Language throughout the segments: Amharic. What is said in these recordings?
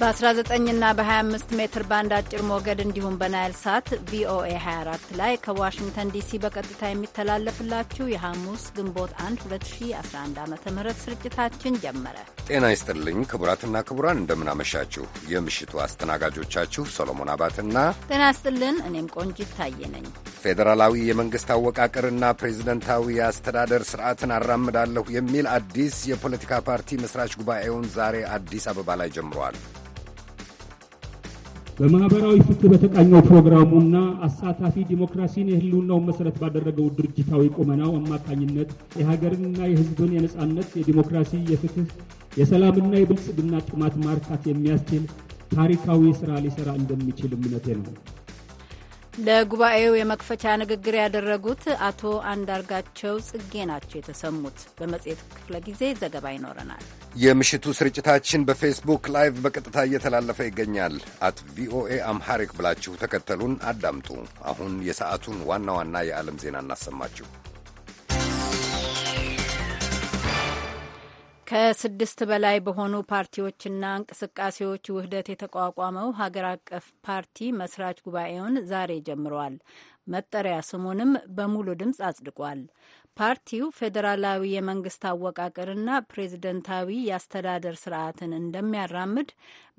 በ19 ና በ25 ሜትር ባንድ አጭር ሞገድ እንዲሁም በናይል ሳት ቪኦኤ 24 ላይ ከዋሽንግተን ዲሲ በቀጥታ የሚተላለፍላችሁ የሐሙስ ግንቦት 1 2011 ዓ ም ስርጭታችን ጀመረ። ጤና ይስጥልኝ ክቡራትና ክቡራን፣ እንደምናመሻችሁ። የምሽቱ አስተናጋጆቻችሁ ሰሎሞን አባትና ጤና ይስጥልን፣ እኔም ቆንጅ ታየ ነኝ። ፌዴራላዊ የመንግሥት አወቃቀርና ፕሬዚደንታዊ የአስተዳደር ስርዓትን አራምዳለሁ የሚል አዲስ የፖለቲካ ፓርቲ መስራች ጉባኤውን ዛሬ አዲስ አበባ ላይ ጀምሯል። በማህበራዊ ፍትህ በተቃኘው ፕሮግራሙና አሳታፊ ዲሞክራሲን የህልውናውን መሰረት ባደረገው ድርጅታዊ ቁመናው አማካኝነት የሀገርንና የህዝብን የነፃነት፣ የዲሞክራሲ፣ የፍትህ፣ የሰላምና የብልጽግና ጥማት ማርካት የሚያስችል ታሪካዊ ስራ ሊሰራ እንደሚችል እምነቴ ነው። ለጉባኤው የመክፈቻ ንግግር ያደረጉት አቶ አንዳርጋቸው ጽጌ ናቸው የተሰሙት። በመጽሔት ክፍለ ጊዜ ዘገባ ይኖረናል። የምሽቱ ስርጭታችን በፌስቡክ ላይቭ በቀጥታ እየተላለፈ ይገኛል። አት ቪኦኤ አምሃሪክ ብላችሁ ተከተሉን አዳምጡ። አሁን የሰዓቱን ዋና ዋና የዓለም ዜና እናሰማችሁ። ከስድስት በላይ በሆኑ ፓርቲዎችና እንቅስቃሴዎች ውህደት የተቋቋመው ሀገር አቀፍ ፓርቲ መስራች ጉባኤውን ዛሬ ጀምሯል። መጠሪያ ስሙንም በሙሉ ድምፅ አጽድቋል። ፓርቲው ፌዴራላዊ የመንግስት አወቃቀርና ፕሬዝደንታዊ የአስተዳደር ስርዓትን እንደሚያራምድ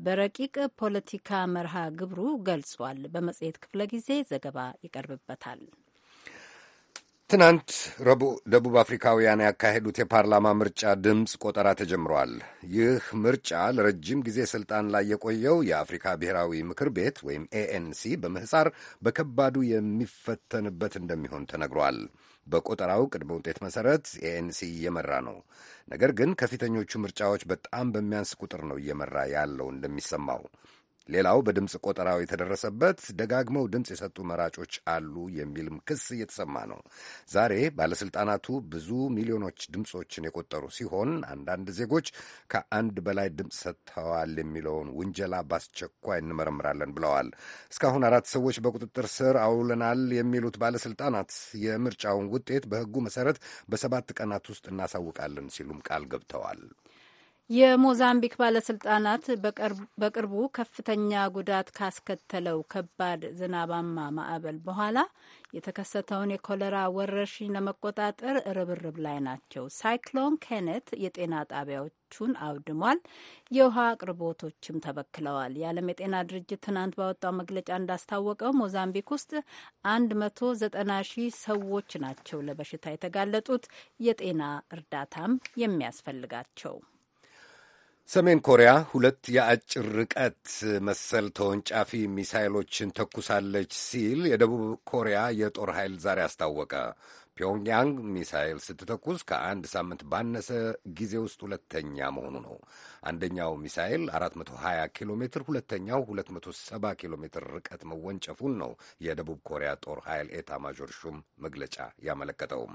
በረቂቅ ፖለቲካ መርሃ ግብሩ ገልጿል። በመጽሔት ክፍለ ጊዜ ዘገባ ይቀርብበታል። ትናንት ረቡዕ ደቡብ አፍሪካውያን ያካሄዱት የፓርላማ ምርጫ ድምፅ ቆጠራ ተጀምሯል። ይህ ምርጫ ለረጅም ጊዜ ስልጣን ላይ የቆየው የአፍሪካ ብሔራዊ ምክር ቤት ወይም ኤኤንሲ በምህፃር በከባዱ የሚፈተንበት እንደሚሆን ተነግሯል። በቆጠራው ቅድመ ውጤት መሰረት ኤኤንሲ እየመራ ነው። ነገር ግን ከፊተኞቹ ምርጫዎች በጣም በሚያንስ ቁጥር ነው እየመራ ያለው እንደሚሰማው ሌላው በድምፅ ቆጠራው የተደረሰበት ደጋግመው ድምፅ የሰጡ መራጮች አሉ የሚልም ክስ እየተሰማ ነው። ዛሬ ባለሥልጣናቱ ብዙ ሚሊዮኖች ድምፆችን የቆጠሩ ሲሆን አንዳንድ ዜጎች ከአንድ በላይ ድምፅ ሰጥተዋል የሚለውን ውንጀላ በአስቸኳይ እንመረምራለን ብለዋል። እስካሁን አራት ሰዎች በቁጥጥር ስር አውለናል የሚሉት ባለሥልጣናት የምርጫውን ውጤት በሕጉ መሠረት በሰባት ቀናት ውስጥ እናሳውቃለን ሲሉም ቃል ገብተዋል። የሞዛምቢክ ባለስልጣናት በቅርቡ ከፍተኛ ጉዳት ካስከተለው ከባድ ዝናባማ ማዕበል በኋላ የተከሰተውን የኮለራ ወረርሽኝ ለመቆጣጠር ርብርብ ላይ ናቸው። ሳይክሎን ኬነት የጤና ጣቢያዎቹን አውድሟል፣ የውሃ አቅርቦቶችም ተበክለዋል። የዓለም የጤና ድርጅት ትናንት ባወጣው መግለጫ እንዳስታወቀው ሞዛምቢክ ውስጥ 190 ሺህ ሰዎች ናቸው ለበሽታ የተጋለጡት፣ የጤና እርዳታም የሚያስፈልጋቸው ሰሜን ኮሪያ ሁለት የአጭር ርቀት መሰል ተወንጫፊ ሚሳይሎችን ተኩሳለች ሲል የደቡብ ኮሪያ የጦር ኃይል ዛሬ አስታወቀ። ፒዮንግያንግ ሚሳይል ስትተኩስ ከአንድ ሳምንት ባነሰ ጊዜ ውስጥ ሁለተኛ መሆኑ ነው። አንደኛው ሚሳይል 420 ኪሎ ሜትር፣ ሁለተኛው 270 ኪሎ ሜትር ርቀት መወንጨፉን ነው የደቡብ ኮሪያ ጦር ኃይል ኤታ ማዦር ሹም መግለጫ ያመለከተውም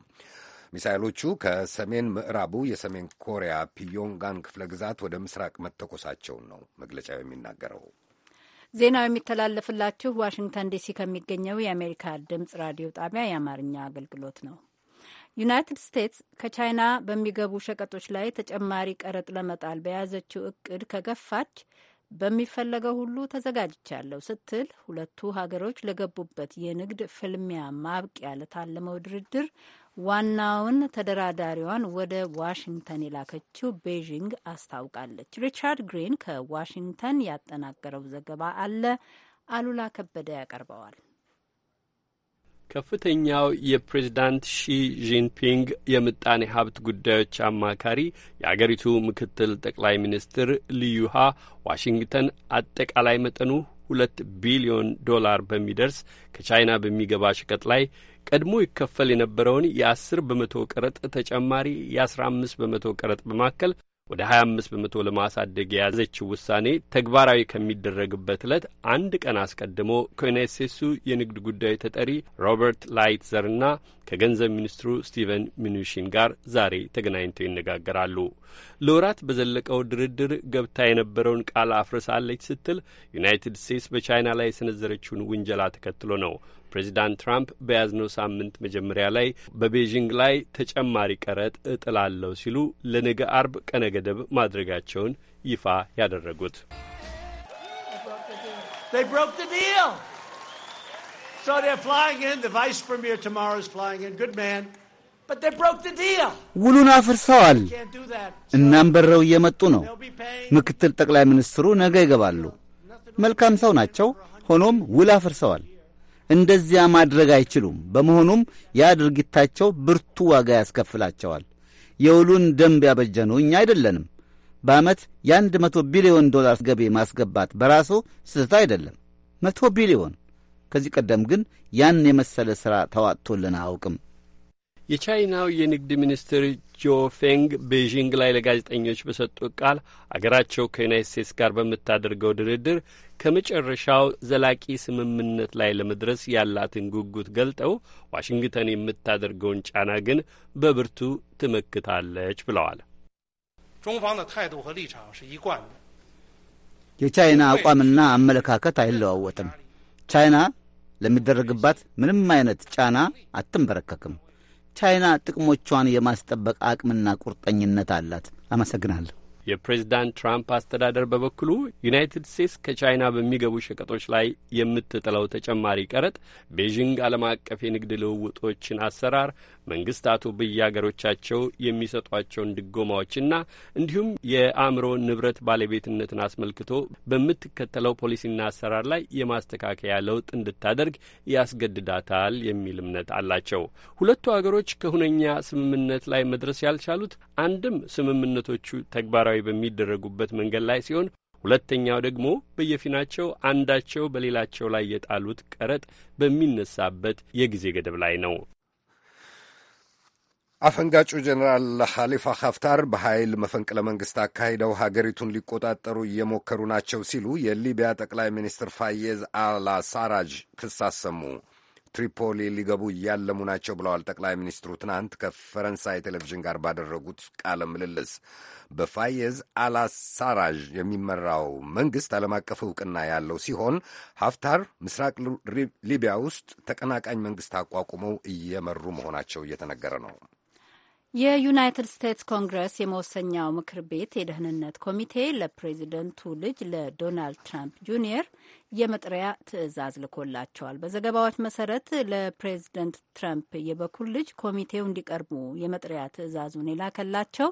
ሚሳይሎቹ ከሰሜን ምዕራቡ የሰሜን ኮሪያ ፒዮንጋን ክፍለ ግዛት ወደ ምስራቅ መተኮሳቸውን ነው መግለጫው የሚናገረው። ዜናው የሚተላለፍላችሁ ዋሽንግተን ዲሲ ከሚገኘው የአሜሪካ ድምጽ ራዲዮ ጣቢያ የአማርኛ አገልግሎት ነው። ዩናይትድ ስቴትስ ከቻይና በሚገቡ ሸቀጦች ላይ ተጨማሪ ቀረጥ ለመጣል በያዘችው እቅድ ከገፋች በሚፈለገው ሁሉ ተዘጋጅቻለሁ ስትል ሁለቱ ሀገሮች ለገቡበት የንግድ ፍልሚያ ማብቂያ ለታለመው ድርድር ዋናውን ተደራዳሪዋን ወደ ዋሽንግተን የላከችው ቤዥንግ አስታውቃለች። ሪቻርድ ግሪን ከዋሽንግተን ያጠናቀረው ዘገባ አለ። አሉላ ከበደ ያቀርበዋል። ከፍተኛው የፕሬዚዳንት ሺ ጂንፒንግ የምጣኔ ሀብት ጉዳዮች አማካሪ የአገሪቱ ምክትል ጠቅላይ ሚኒስትር ልዩሃ ዋሽንግተን አጠቃላይ መጠኑ ሁለት ቢሊዮን ዶላር በሚደርስ ከቻይና በሚገባ ሸቀጥ ላይ ቀድሞ ይከፈል የነበረውን የ10 በመቶ ቀረጥ ተጨማሪ የ15 በመቶ ቀረጥ በማከል ወደ 25 በመቶ ለማሳደግ የያዘችው ውሳኔ ተግባራዊ ከሚደረግበት ዕለት አንድ ቀን አስቀድሞ ከዩናይት ስቴትሱ የንግድ ጉዳዩ ተጠሪ ሮበርት ላይትዘርና ከገንዘብ ሚኒስትሩ ስቲቨን ሚኑሺን ጋር ዛሬ ተገናኝተው ይነጋገራሉ። ለወራት በዘለቀው ድርድር ገብታ የነበረውን ቃል አፍርሳለች ስትል ዩናይትድ ስቴትስ በቻይና ላይ የሰነዘረችውን ውንጀላ ተከትሎ ነው ፕሬዚዳንት ትራምፕ በያዝነው ሳምንት መጀመሪያ ላይ በቤዥንግ ላይ ተጨማሪ ቀረጥ እጥላለሁ ሲሉ ለነገ አርብ ቀነ ገደብ ማድረጋቸውን ይፋ ያደረጉት ውሉን አፍርሰዋል። እናም በረው እየመጡ ነው። ምክትል ጠቅላይ ሚኒስትሩ ነገ ይገባሉ። መልካም ሰው ናቸው። ሆኖም ውል አፍርሰዋል። እንደዚያ ማድረግ አይችሉም። በመሆኑም ያ ድርጊታቸው ብርቱ ዋጋ ያስከፍላቸዋል። የውሉን ደንብ ያበጀኑ እኛ አይደለንም። በዓመት የአንድ መቶ ቢሊዮን ዶላር ገቢ ማስገባት በራሱ ስህተት አይደለም። መቶ ቢሊዮን ከዚህ ቀደም ግን ያን የመሰለ ሥራ ተዋጥቶልን አያውቅም። የቻይናው የንግድ ሚኒስትር ጆ ፌንግ ቤዥንግ ላይ ለጋዜጠኞች በሰጡት ቃል አገራቸው ከዩናይት ስቴትስ ጋር በምታደርገው ድርድር ከመጨረሻው ዘላቂ ስምምነት ላይ ለመድረስ ያላትን ጉጉት ገልጠው ዋሽንግተን የምታደርገውን ጫና ግን በብርቱ ትመክታለች ብለዋል። የቻይና አቋምና አመለካከት አይለዋወጥም። ቻይና ለሚደረግባት ምንም አይነት ጫና አትንበረከክም። ቻይና ጥቅሞቿን የማስጠበቅ አቅምና ቁርጠኝነት አላት። አመሰግናለሁ። የፕሬዚዳንት ትራምፕ አስተዳደር በበኩሉ ዩናይትድ ስቴትስ ከቻይና በሚገቡ ሸቀጦች ላይ የምትጥለው ተጨማሪ ቀረጥ ቤዥንግ ዓለም አቀፍ የንግድ ልውውጦችን አሰራር መንግስታቱ በየአገሮቻቸው የሚሰጧቸውን ድጎማዎችና እንዲሁም የአእምሮ ንብረት ባለቤትነትን አስመልክቶ በምትከተለው ፖሊሲና አሰራር ላይ የማስተካከያ ለውጥ እንድታደርግ ያስገድዳታል የሚል እምነት አላቸው። ሁለቱ አገሮች ከሁነኛ ስምምነት ላይ መድረስ ያልቻሉት አንድም ስምምነቶቹ ተግባራዊ በሚደረጉበት መንገድ ላይ ሲሆን ሁለተኛው ደግሞ በየፊናቸው አንዳቸው በሌላቸው ላይ የጣሉት ቀረጥ በሚነሳበት የጊዜ ገደብ ላይ ነው። አፈንጋጩ ጀኔራል ሐሊፋ ሀፍታር በኃይል መፈንቅለ መንግሥት አካሂደው ሀገሪቱን ሊቆጣጠሩ እየሞከሩ ናቸው ሲሉ የሊቢያ ጠቅላይ ሚኒስትር ፋየዝ አላሳራጅ ክስ አሰሙ። ትሪፖሊ ሊገቡ እያለሙ ናቸው ብለዋል ጠቅላይ ሚኒስትሩ ትናንት ከፈረንሳይ ቴሌቪዥን ጋር ባደረጉት ቃለ ምልልስ። በፋየዝ አላሳራዥ የሚመራው መንግሥት ዓለም አቀፍ ዕውቅና ያለው ሲሆን ሀፍታር ምስራቅ ሊቢያ ውስጥ ተቀናቃኝ መንግሥት አቋቁመው እየመሩ መሆናቸው እየተነገረ ነው። የዩናይትድ ስቴትስ ኮንግረስ የመወሰኛው ምክር ቤት የደህንነት ኮሚቴ ለፕሬዚደንቱ ልጅ ለዶናልድ ትራምፕ ጁኒየር የመጥሪያ ትዕዛዝ ልኮላቸዋል። በዘገባዎች መሰረት ለፕሬዚደንት ትራምፕ የበኩል ልጅ ኮሚቴው እንዲቀርቡ የመጥሪያ ትዕዛዙን የላከላቸው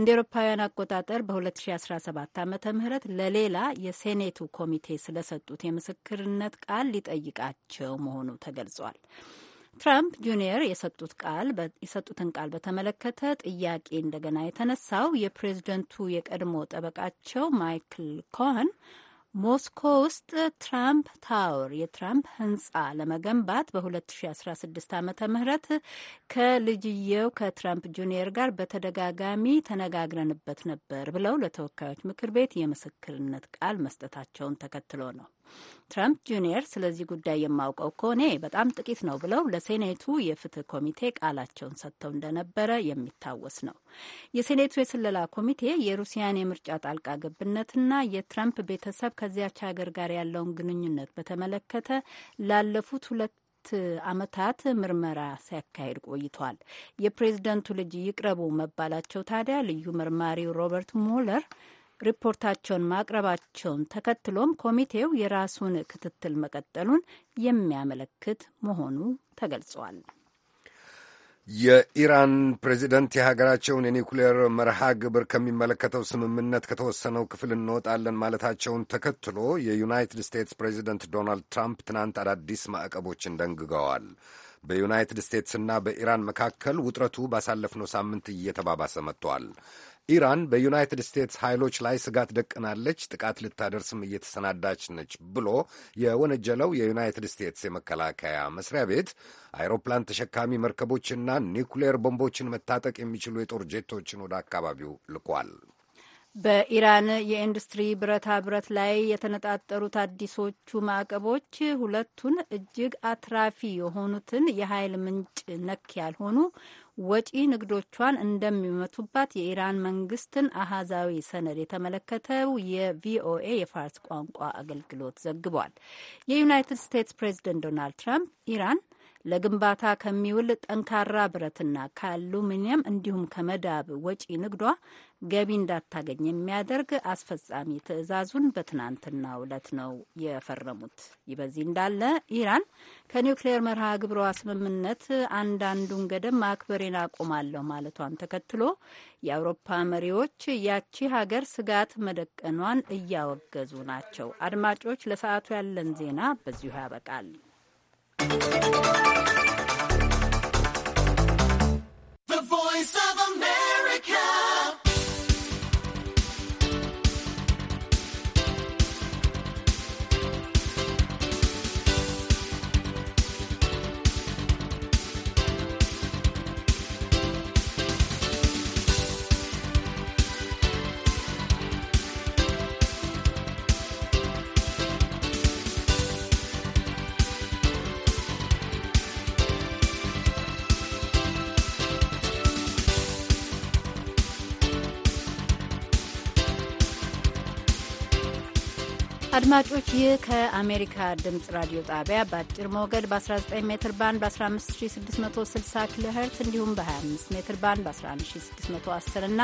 እንደ ኤሮፓውያን አቆጣጠር በ2017 ዓ ም ለሌላ የሴኔቱ ኮሚቴ ስለሰጡት የምስክርነት ቃል ሊጠይቃቸው መሆኑ ተገልጿል። ትራምፕ ጁኒየር የሰጡት ቃል የሰጡትን ቃል በተመለከተ ጥያቄ እንደገና የተነሳው የፕሬዝደንቱ የቀድሞ ጠበቃቸው ማይክል ኮህን ሞስኮ ውስጥ ትራምፕ ታወር የትራምፕ ህንፃ ለመገንባት በ2016 ዓ ምህረት ከልጅየው ከትራምፕ ጁኒየር ጋር በተደጋጋሚ ተነጋግረንበት ነበር ብለው ለተወካዮች ምክር ቤት የምስክርነት ቃል መስጠታቸውን ተከትሎ ነው። ትራምፕ ጁኒየር ስለዚህ ጉዳይ የማውቀው ከሆነ በጣም ጥቂት ነው ብለው ለሴኔቱ የፍትህ ኮሚቴ ቃላቸውን ሰጥተው እንደነበረ የሚታወስ ነው። የሴኔቱ የስለላ ኮሚቴ የሩሲያን የምርጫ ጣልቃ ገብነትና የትራምፕ ቤተሰብ ከዚያች ሀገር ጋር ያለውን ግንኙነት በተመለከተ ላለፉት ሁለት አመታት ምርመራ ሲያካሄድ ቆይቷል። የፕሬዝደንቱ ልጅ ይቅረቡ መባላቸው ታዲያ ልዩ መርማሪው ሮበርት ሞለር ሪፖርታቸውን ማቅረባቸውን ተከትሎም ኮሚቴው የራሱን ክትትል መቀጠሉን የሚያመለክት መሆኑ ተገልጿል። የኢራን ፕሬዚደንት የሀገራቸውን የኒውክሌር መርሃ ግብር ከሚመለከተው ስምምነት ከተወሰነው ክፍል እንወጣለን ማለታቸውን ተከትሎ የዩናይትድ ስቴትስ ፕሬዚደንት ዶናልድ ትራምፕ ትናንት አዳዲስ ማዕቀቦችን ደንግገዋል። በዩናይትድ ስቴትስና በኢራን መካከል ውጥረቱ ባሳለፍነው ሳምንት እየተባባሰ መጥቷል። ኢራን በዩናይትድ ስቴትስ ኃይሎች ላይ ስጋት ደቅናለች፣ ጥቃት ልታደርስም እየተሰናዳች ነች ብሎ የወነጀለው የዩናይትድ ስቴትስ የመከላከያ መስሪያ ቤት አይሮፕላን ተሸካሚ መርከቦችና ኒውክሌር ቦምቦችን መታጠቅ የሚችሉ የጦር ጄቶችን ወደ አካባቢው ልኳል። በኢራን የኢንዱስትሪ ብረታ ብረት ላይ የተነጣጠሩት አዲሶቹ ማዕቀቦች ሁለቱን እጅግ አትራፊ የሆኑትን የኃይል ምንጭ ነክ ያልሆኑ ወጪ ንግዶቿን እንደሚመቱባት የኢራን መንግስትን አሃዛዊ ሰነድ የተመለከተው የቪኦኤ የፋርስ ቋንቋ አገልግሎት ዘግቧል። የዩናይትድ ስቴትስ ፕሬዝደንት ዶናልድ ትራምፕ ኢራን ለግንባታ ከሚውል ጠንካራ ብረትና ከአሉሚኒየም እንዲሁም ከመዳብ ወጪ ንግዷ ገቢ እንዳታገኝ የሚያደርግ አስፈጻሚ ትዕዛዙን በትናንትና ዕለት ነው የፈረሙት። ይህ በዚህ እንዳለ ኢራን ከኒውክሌር መርሃ ግብሯ ስምምነት አንዳንዱን ገደብ ማክበሬን አቆማለሁ ማለቷን ተከትሎ የአውሮፓ መሪዎች ያቺ ሀገር ስጋት መደቀኗን እያወገዙ ናቸው። አድማጮች፣ ለሰዓቱ ያለን ዜና በዚሁ ያበቃል። አድማጮች ይህ ከአሜሪካ ድምፅ ራዲዮ ጣቢያ በአጭር ሞገድ በ19 ሜትር ባንድ በ15660 ኪሎ ሄርትስ እንዲሁም በ25 ሜትር ባንድ በ11610 እና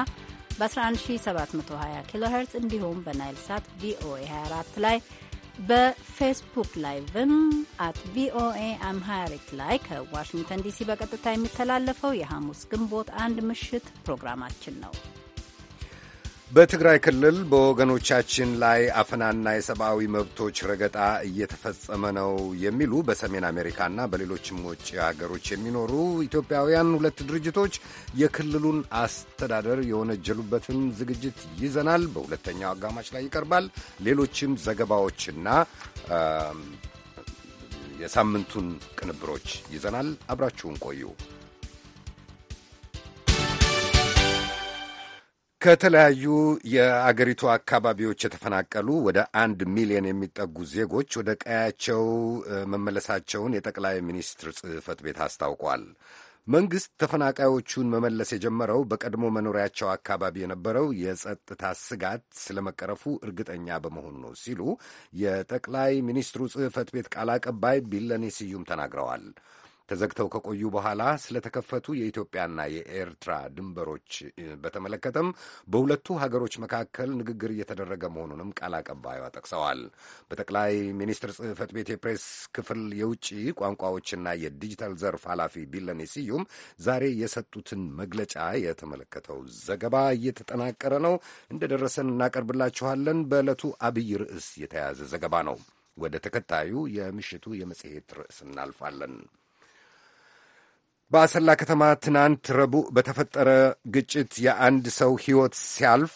በ11720 ኪሎ ሄርትስ እንዲሁም በናይል ሳት ቪኦኤ 24 ላይ በፌስቡክ ላይቭም አት ቪኦኤ አምሃሪክ ላይ ከዋሽንግተን ዲሲ በቀጥታ የሚተላለፈው የሐሙስ ግንቦት አንድ ምሽት ፕሮግራማችን ነው። በትግራይ ክልል በወገኖቻችን ላይ አፈናና የሰብአዊ መብቶች ረገጣ እየተፈጸመ ነው የሚሉ በሰሜን አሜሪካና በሌሎችም ውጭ ሀገሮች የሚኖሩ ኢትዮጵያውያን ሁለት ድርጅቶች የክልሉን አስተዳደር የወነጀሉበትን ዝግጅት ይዘናል። በሁለተኛው አጋማሽ ላይ ይቀርባል። ሌሎችም ዘገባዎችና የሳምንቱን ቅንብሮች ይዘናል። አብራችሁን ቆዩ። ከተለያዩ የአገሪቱ አካባቢዎች የተፈናቀሉ ወደ አንድ ሚሊዮን የሚጠጉ ዜጎች ወደ ቀያቸው መመለሳቸውን የጠቅላይ ሚኒስትር ጽህፈት ቤት አስታውቋል። መንግሥት ተፈናቃዮቹን መመለስ የጀመረው በቀድሞ መኖሪያቸው አካባቢ የነበረው የጸጥታ ስጋት ስለመቀረፉ እርግጠኛ በመሆኑ ነው ሲሉ የጠቅላይ ሚኒስትሩ ጽህፈት ቤት ቃል አቀባይ ቢለኔ ስዩም ተናግረዋል። ተዘግተው ከቆዩ በኋላ ስለተከፈቱ የኢትዮጵያና የኤርትራ ድንበሮች በተመለከተም በሁለቱ ሀገሮች መካከል ንግግር እየተደረገ መሆኑንም ቃል አቀባዩ ጠቅሰዋል። በጠቅላይ ሚኒስትር ጽህፈት ቤት የፕሬስ ክፍል የውጭ ቋንቋዎችና የዲጂታል ዘርፍ ኃላፊ ቢለኔ ስዩም ዛሬ የሰጡትን መግለጫ የተመለከተው ዘገባ እየተጠናቀረ ነው፣ እንደደረሰን እናቀርብላችኋለን። በዕለቱ አብይ ርዕስ የተያዘ ዘገባ ነው። ወደ ተከታዩ የምሽቱ የመጽሔት ርዕስ እናልፋለን። በአሰላ ከተማ ትናንት ረቡዕ በተፈጠረ ግጭት የአንድ ሰው ሕይወት ሲያልፍ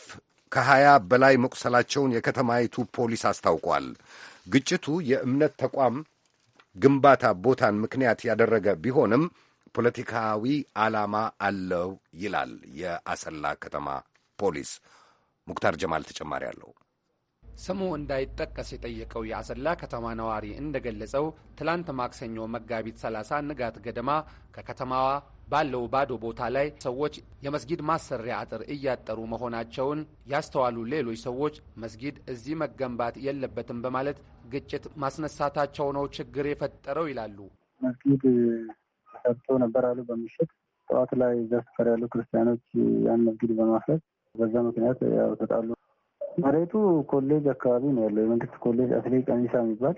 ከሀያ በላይ መቁሰላቸውን የከተማይቱ ፖሊስ አስታውቋል። ግጭቱ የእምነት ተቋም ግንባታ ቦታን ምክንያት ያደረገ ቢሆንም ፖለቲካዊ ዓላማ አለው ይላል የአሰላ ከተማ ፖሊስ። ሙክታር ጀማል ተጨማሪ አለው። ስሙ እንዳይጠቀስ የጠየቀው የአሰላ ከተማ ነዋሪ እንደገለጸው ትላንት ማክሰኞ መጋቢት 30 ንጋት ገደማ ከከተማዋ ባለው ባዶ ቦታ ላይ ሰዎች የመስጊድ ማሰሪያ አጥር እያጠሩ መሆናቸውን ያስተዋሉ ሌሎች ሰዎች መስጊድ እዚህ መገንባት የለበትም በማለት ግጭት ማስነሳታቸው ነው ችግር የፈጠረው ይላሉ። መስጊድ ተሰርቶ ነበር አሉ። በምሽት ጠዋት ላይ እዛ ሰፈር ያሉ ክርስቲያኖች ያን መስጊድ በማፍረስ በዛ ምክንያት ያው ተጣሉ። መሬቱ ኮሌጅ አካባቢ ነው ያለው። የመንግስት ኮሌጅ አትሌ ቀኒሳ የሚባል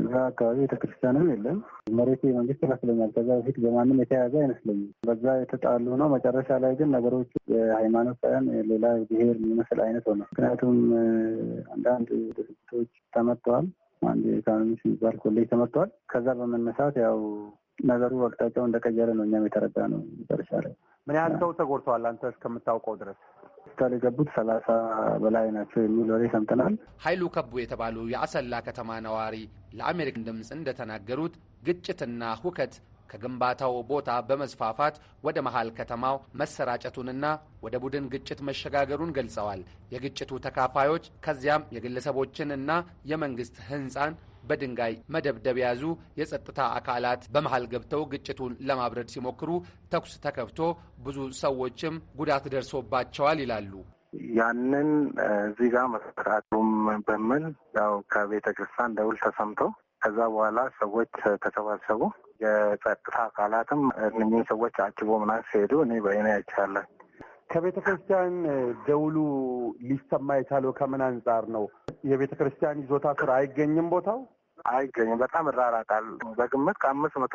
እዛ አካባቢ ቤተክርስቲያንም የለም። መሬቱ የመንግስት ይመስለኛል። ከዛ በፊት በማንም የተያዘ አይመስለኝም። በዛ የተጣሉ ነው። መጨረሻ ላይ ግን ነገሮች የሃይማኖት ሳይሆን ሌላ ብሄር የሚመስል አይነት ሆነ። ምክንያቱም አንዳንድ ድርጅቶች ተመጥተዋል። አንድ ኢኮኖሚክስ የሚባል ኮሌጅ ተመጥተዋል። ከዛ በመነሳት ያው ነገሩ አቅጣጫው እንደቀየረ ነው እኛም የተረዳ ነው መጨረሻ ላይ። ምን ያህል ሰው ተጎድተዋል አንተ እስከምታውቀው ድረስ? ሆስፒታል የገቡት ሰላሳ በላይ ናቸው የሚል ወሬ ሰምተናል። ኃይሉ ከቡ የተባሉ የአሰላ ከተማ ነዋሪ ለአሜሪካን ድምፅ እንደተናገሩት ግጭትና ሁከት ከግንባታው ቦታ በመስፋፋት ወደ መሃል ከተማው መሰራጨቱንና ወደ ቡድን ግጭት መሸጋገሩን ገልጸዋል። የግጭቱ ተካፋዮች ከዚያም የግለሰቦችን እና የመንግስት ህንፃን በድንጋይ መደብደብ የያዙ የጸጥታ አካላት በመሃል ገብተው ግጭቱን ለማብረድ ሲሞክሩ ተኩስ ተከፍቶ ብዙ ሰዎችም ጉዳት ደርሶባቸዋል ይላሉ። ያንን እዚህ ጋር መስራቱም ያው ከቤተ ክርስቲያን ደውል ተሰምቶ ከዛ በኋላ ሰዎች ተሰባሰቡ። የጸጥታ አካላትም እነኝህን ሰዎች አጭቦ ምናምን ሲሄዱ እኔ በእኔ አይቻለን። ከቤተ ክርስቲያን ደውሉ ሊሰማ የቻለው ከምን አንጻር ነው? የቤተ ክርስቲያን ይዞታ ስራ አይገኝም ቦታው አይገኝም። በጣም እራራቃል። በግምት ከአምስት መቶ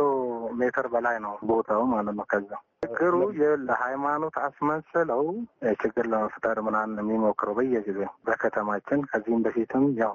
ሜትር በላይ ነው ቦታው ማለት ነው። ከዛ ችግሩ ለሃይማኖት አስመስለው ችግር ለመፍጠር ምናምን የሚሞክረው በየጊዜው በከተማችን ከዚህም በፊትም ያው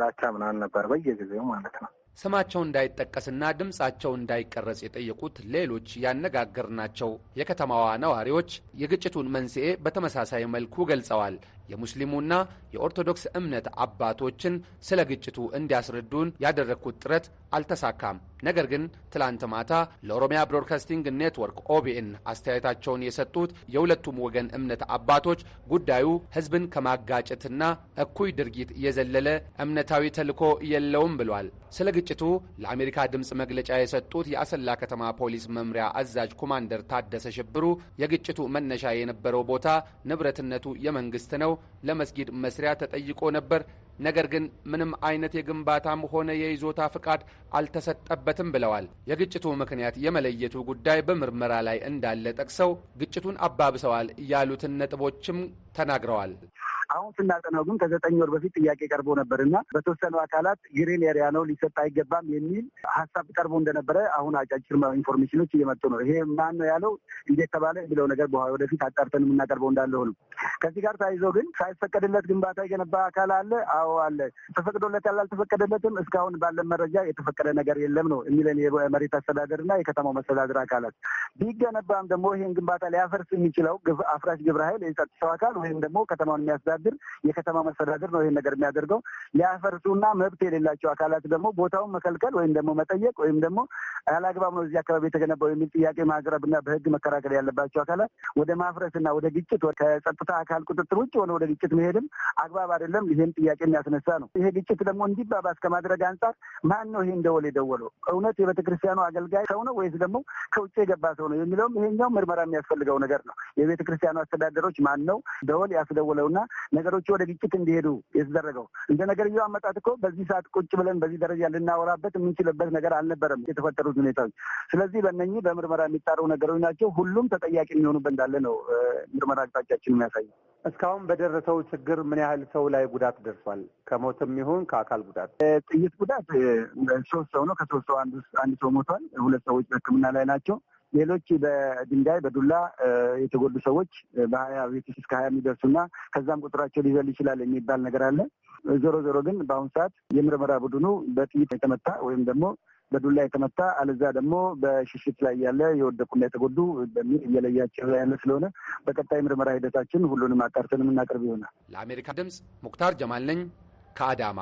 ዛቻ ምናምን ነበር በየጊዜው ማለት ነው። ስማቸው እንዳይጠቀስና ድምፃቸው እንዳይቀረጽ የጠየቁት ሌሎች ያነጋገርናቸው የከተማዋ ነዋሪዎች የግጭቱን መንስኤ በተመሳሳይ መልኩ ገልጸዋል። የሙስሊሙና የኦርቶዶክስ እምነት አባቶችን ስለ ግጭቱ እንዲያስረዱን ያደረግኩት ጥረት አልተሳካም። ነገር ግን ትላንት ማታ ለኦሮሚያ ብሮድካስቲንግ ኔትወርክ ኦቢኤን አስተያየታቸውን የሰጡት የሁለቱም ወገን እምነት አባቶች ጉዳዩ ሕዝብን ከማጋጨትና እኩይ ድርጊት የዘለለ እምነታዊ ተልዕኮ የለውም ብሏል። ስለ ግጭቱ ለአሜሪካ ድምፅ መግለጫ የሰጡት የአሰላ ከተማ ፖሊስ መምሪያ አዛዥ ኮማንደር ታደሰ ሽብሩ የግጭቱ መነሻ የነበረው ቦታ ንብረትነቱ የመንግስት ነው ለመስጊድ መስሪያ ተጠይቆ ነበር። ነገር ግን ምንም አይነት የግንባታም ሆነ የይዞታ ፍቃድ አልተሰጠበትም ብለዋል። የግጭቱ ምክንያት የመለየቱ ጉዳይ በምርመራ ላይ እንዳለ ጠቅሰው ግጭቱን አባብሰዋል ያሉትን ነጥቦችም ተናግረዋል። አሁን ስናጠናው ግን ከዘጠኝ ወር በፊት ጥያቄ ቀርቦ ነበር እና በተወሰኑ አካላት ግሪን ኤሪያ ነው ሊሰጥ አይገባም የሚል ሀሳብ ቀርቦ እንደነበረ አሁን አጫጭር ኢንፎርሜሽኖች እየመጡ ነው። ይሄ ማን ነው ያለው እንዴት ተባለ የሚለው ነገር በኋላ ወደፊት አጣርተን የምናቀርበው እንዳለሆ ነው። ከዚህ ጋር ተያይዞ ግን ሳይፈቀድለት ግንባታ የገነባ አካል አለ። አዎ አለ። ተፈቅዶለት አልተፈቀደለትም፣ እስካሁን ባለን መረጃ የተፈቀደ ነገር የለም ነው የሚለን የመሬት አስተዳደር እና የከተማው መስተዳደር አካላት። ቢገነባም ደግሞ ይህን ግንባታ ሊያፈርስ የሚችለው አፍራሽ ግብረ ኃይል የጸጥታው አካል ወይም ደግሞ ከተማውን የሚያስዳ የሚያስተዳድር የከተማ መስተዳድር ነው ይህን ነገር የሚያደርገው። ሊያፈርሱና መብት የሌላቸው አካላት ደግሞ ቦታውን መከልከል ወይም ደግሞ መጠየቅ ወይም ደግሞ አላግባብ ነው እዚህ አካባቢ የተገነባው የሚል ጥያቄ ማቅረብና በህግ መከራከል ያለባቸው አካላት ወደ ማፍረስና ወደ ግጭት ከጸጥታ አካል ቁጥጥር ውጭ ሆነ ወደ ግጭት መሄድም አግባብ አይደለም። ይህም ጥያቄ የሚያስነሳ ነው። ይሄ ግጭት ደግሞ እንዲባባስ ከማድረግ አንጻር ማን ነው ይሄን ደወል የደወለው? እውነት የቤተክርስቲያኑ አገልጋይ ሰው ነው ወይስ ደግሞ ከውጭ የገባ ሰው ነው የሚለውም ይሄኛው ምርመራ የሚያስፈልገው ነገር ነው። የቤተክርስቲያኑ አስተዳደሮች ማን ነው ደወል ያስደወለውና ነገሮቹ ወደ ግጭት እንዲሄዱ የተደረገው። እንደ ነገርየው አመጣት እኮ በዚህ ሰዓት ቁጭ ብለን በዚህ ደረጃ ልናወራበት የምንችልበት ነገር አልነበረም የተፈጠሩት ሁኔታዎች። ስለዚህ በእነኚህ በምርመራ የሚጣሩ ነገሮች ናቸው። ሁሉም ተጠያቂ የሚሆኑበት እንዳለ ነው ምርመራ አቅጣጫችን የሚያሳይ እስካሁን በደረሰው ችግር ምን ያህል ሰው ላይ ጉዳት ደርሷል? ከሞትም ይሁን ከአካል ጉዳት? ጥይት ጉዳት ሶስት ሰው ነው። ከሶስት ሰው አንድ ሰው ሞቷል። ሁለት ሰዎች በሕክምና ላይ ናቸው። ሌሎች በድንጋይ በዱላ የተጎዱ ሰዎች በሀያ ቤት ውስጥ እስከ ሀያ የሚደርሱና ከዛም ቁጥራቸው ሊዘል ይችላል የሚባል ነገር አለ። ዞሮ ዞሮ ግን በአሁኑ ሰዓት የምርመራ ቡድኑ በጥይት የተመታ ወይም ደግሞ በዱላ የተመታ አለዛ ደግሞ በሽሽት ላይ ያለ የወደቁና የተጎዱ በሚል እየለያቸው ያለ ስለሆነ በቀጣይ ምርመራ ሂደታችን ሁሉንም አጣርተን የምናቀርብ ይሆናል። ለአሜሪካ ድምፅ ሙክታር ጀማል ነኝ ከአዳማ።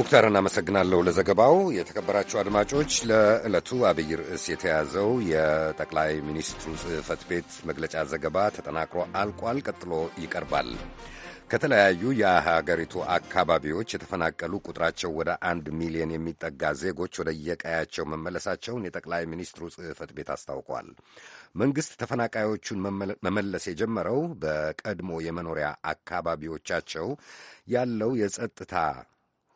ሙክታር፣ እናመሰግናለሁ ለዘገባው። የተከበራችሁ አድማጮች፣ ለዕለቱ አብይ ርዕስ የተያዘው የጠቅላይ ሚኒስትሩ ጽህፈት ቤት መግለጫ ዘገባ ተጠናቅሮ አልቋል። ቀጥሎ ይቀርባል። ከተለያዩ የሀገሪቱ አካባቢዎች የተፈናቀሉ ቁጥራቸው ወደ አንድ ሚሊዮን የሚጠጋ ዜጎች ወደ የቀያቸው መመለሳቸውን የጠቅላይ ሚኒስትሩ ጽህፈት ቤት አስታውቋል። መንግሥት ተፈናቃዮቹን መመለስ የጀመረው በቀድሞ የመኖሪያ አካባቢዎቻቸው ያለው የጸጥታ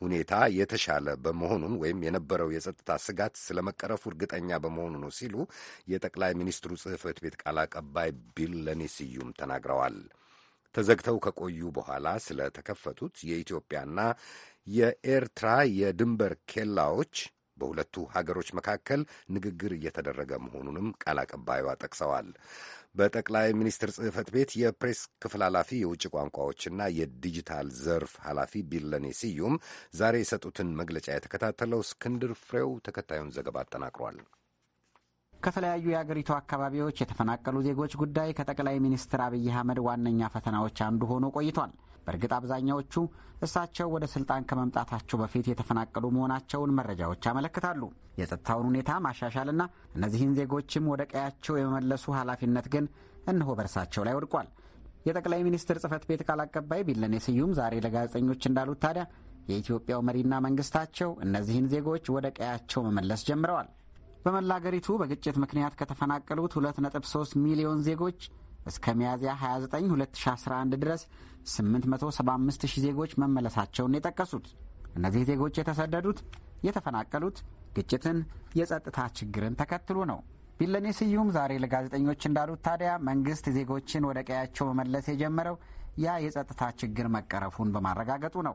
ሁኔታ የተሻለ በመሆኑን ወይም የነበረው የጸጥታ ስጋት ስለመቀረፉ እርግጠኛ በመሆኑ ነው ሲሉ የጠቅላይ ሚኒስትሩ ጽህፈት ቤት ቃል አቀባይ ቢለኔ ስዩም ተናግረዋል። ተዘግተው ከቆዩ በኋላ ስለተከፈቱት የኢትዮጵያና የኤርትራ የድንበር ኬላዎች በሁለቱ ሀገሮች መካከል ንግግር እየተደረገ መሆኑንም ቃል አቀባዩዋ ጠቅሰዋል። በጠቅላይ ሚኒስትር ጽህፈት ቤት የፕሬስ ክፍል ኃላፊ የውጭ ቋንቋዎችና የዲጂታል ዘርፍ ኃላፊ ቢለኔ ስዩም ዛሬ የሰጡትን መግለጫ የተከታተለው እስክንድር ፍሬው ተከታዩን ዘገባ አጠናቅሯል። ከተለያዩ የአገሪቱ አካባቢዎች የተፈናቀሉ ዜጎች ጉዳይ ከጠቅላይ ሚኒስትር አብይ አህመድ ዋነኛ ፈተናዎች አንዱ ሆኖ ቆይቷል። በእርግጥ አብዛኛዎቹ እሳቸው ወደ ስልጣን ከመምጣታቸው በፊት የተፈናቀሉ መሆናቸውን መረጃዎች ያመለክታሉ። የጸጥታውን ሁኔታ ማሻሻልና እነዚህን ዜጎችም ወደ ቀያቸው የመመለሱ ኃላፊነት ግን እነሆ በእርሳቸው ላይ ወድቋል። የጠቅላይ ሚኒስትር ጽህፈት ቤት ቃል አቀባይ ቢለኔ ስዩም ዛሬ ለጋዜጠኞች እንዳሉት ታዲያ የኢትዮጵያው መሪና መንግስታቸው እነዚህን ዜጎች ወደ ቀያቸው መመለስ ጀምረዋል። በመላ አገሪቱ በግጭት ምክንያት ከተፈናቀሉት 2.3 ሚሊዮን ዜጎች እስከ ሚያዝያ 29 2011 ድረስ 875 ሺህ ዜጎች መመለሳቸውን የጠቀሱት እነዚህ ዜጎች የተሰደዱት የተፈናቀሉት ግጭትን፣ የጸጥታ ችግርን ተከትሎ ነው። ቢለኔ ስዩም ዛሬ ለጋዜጠኞች እንዳሉት ታዲያ መንግስት ዜጎችን ወደ ቀያቸው መመለስ የጀመረው ያ የጸጥታ ችግር መቀረፉን በማረጋገጡ ነው።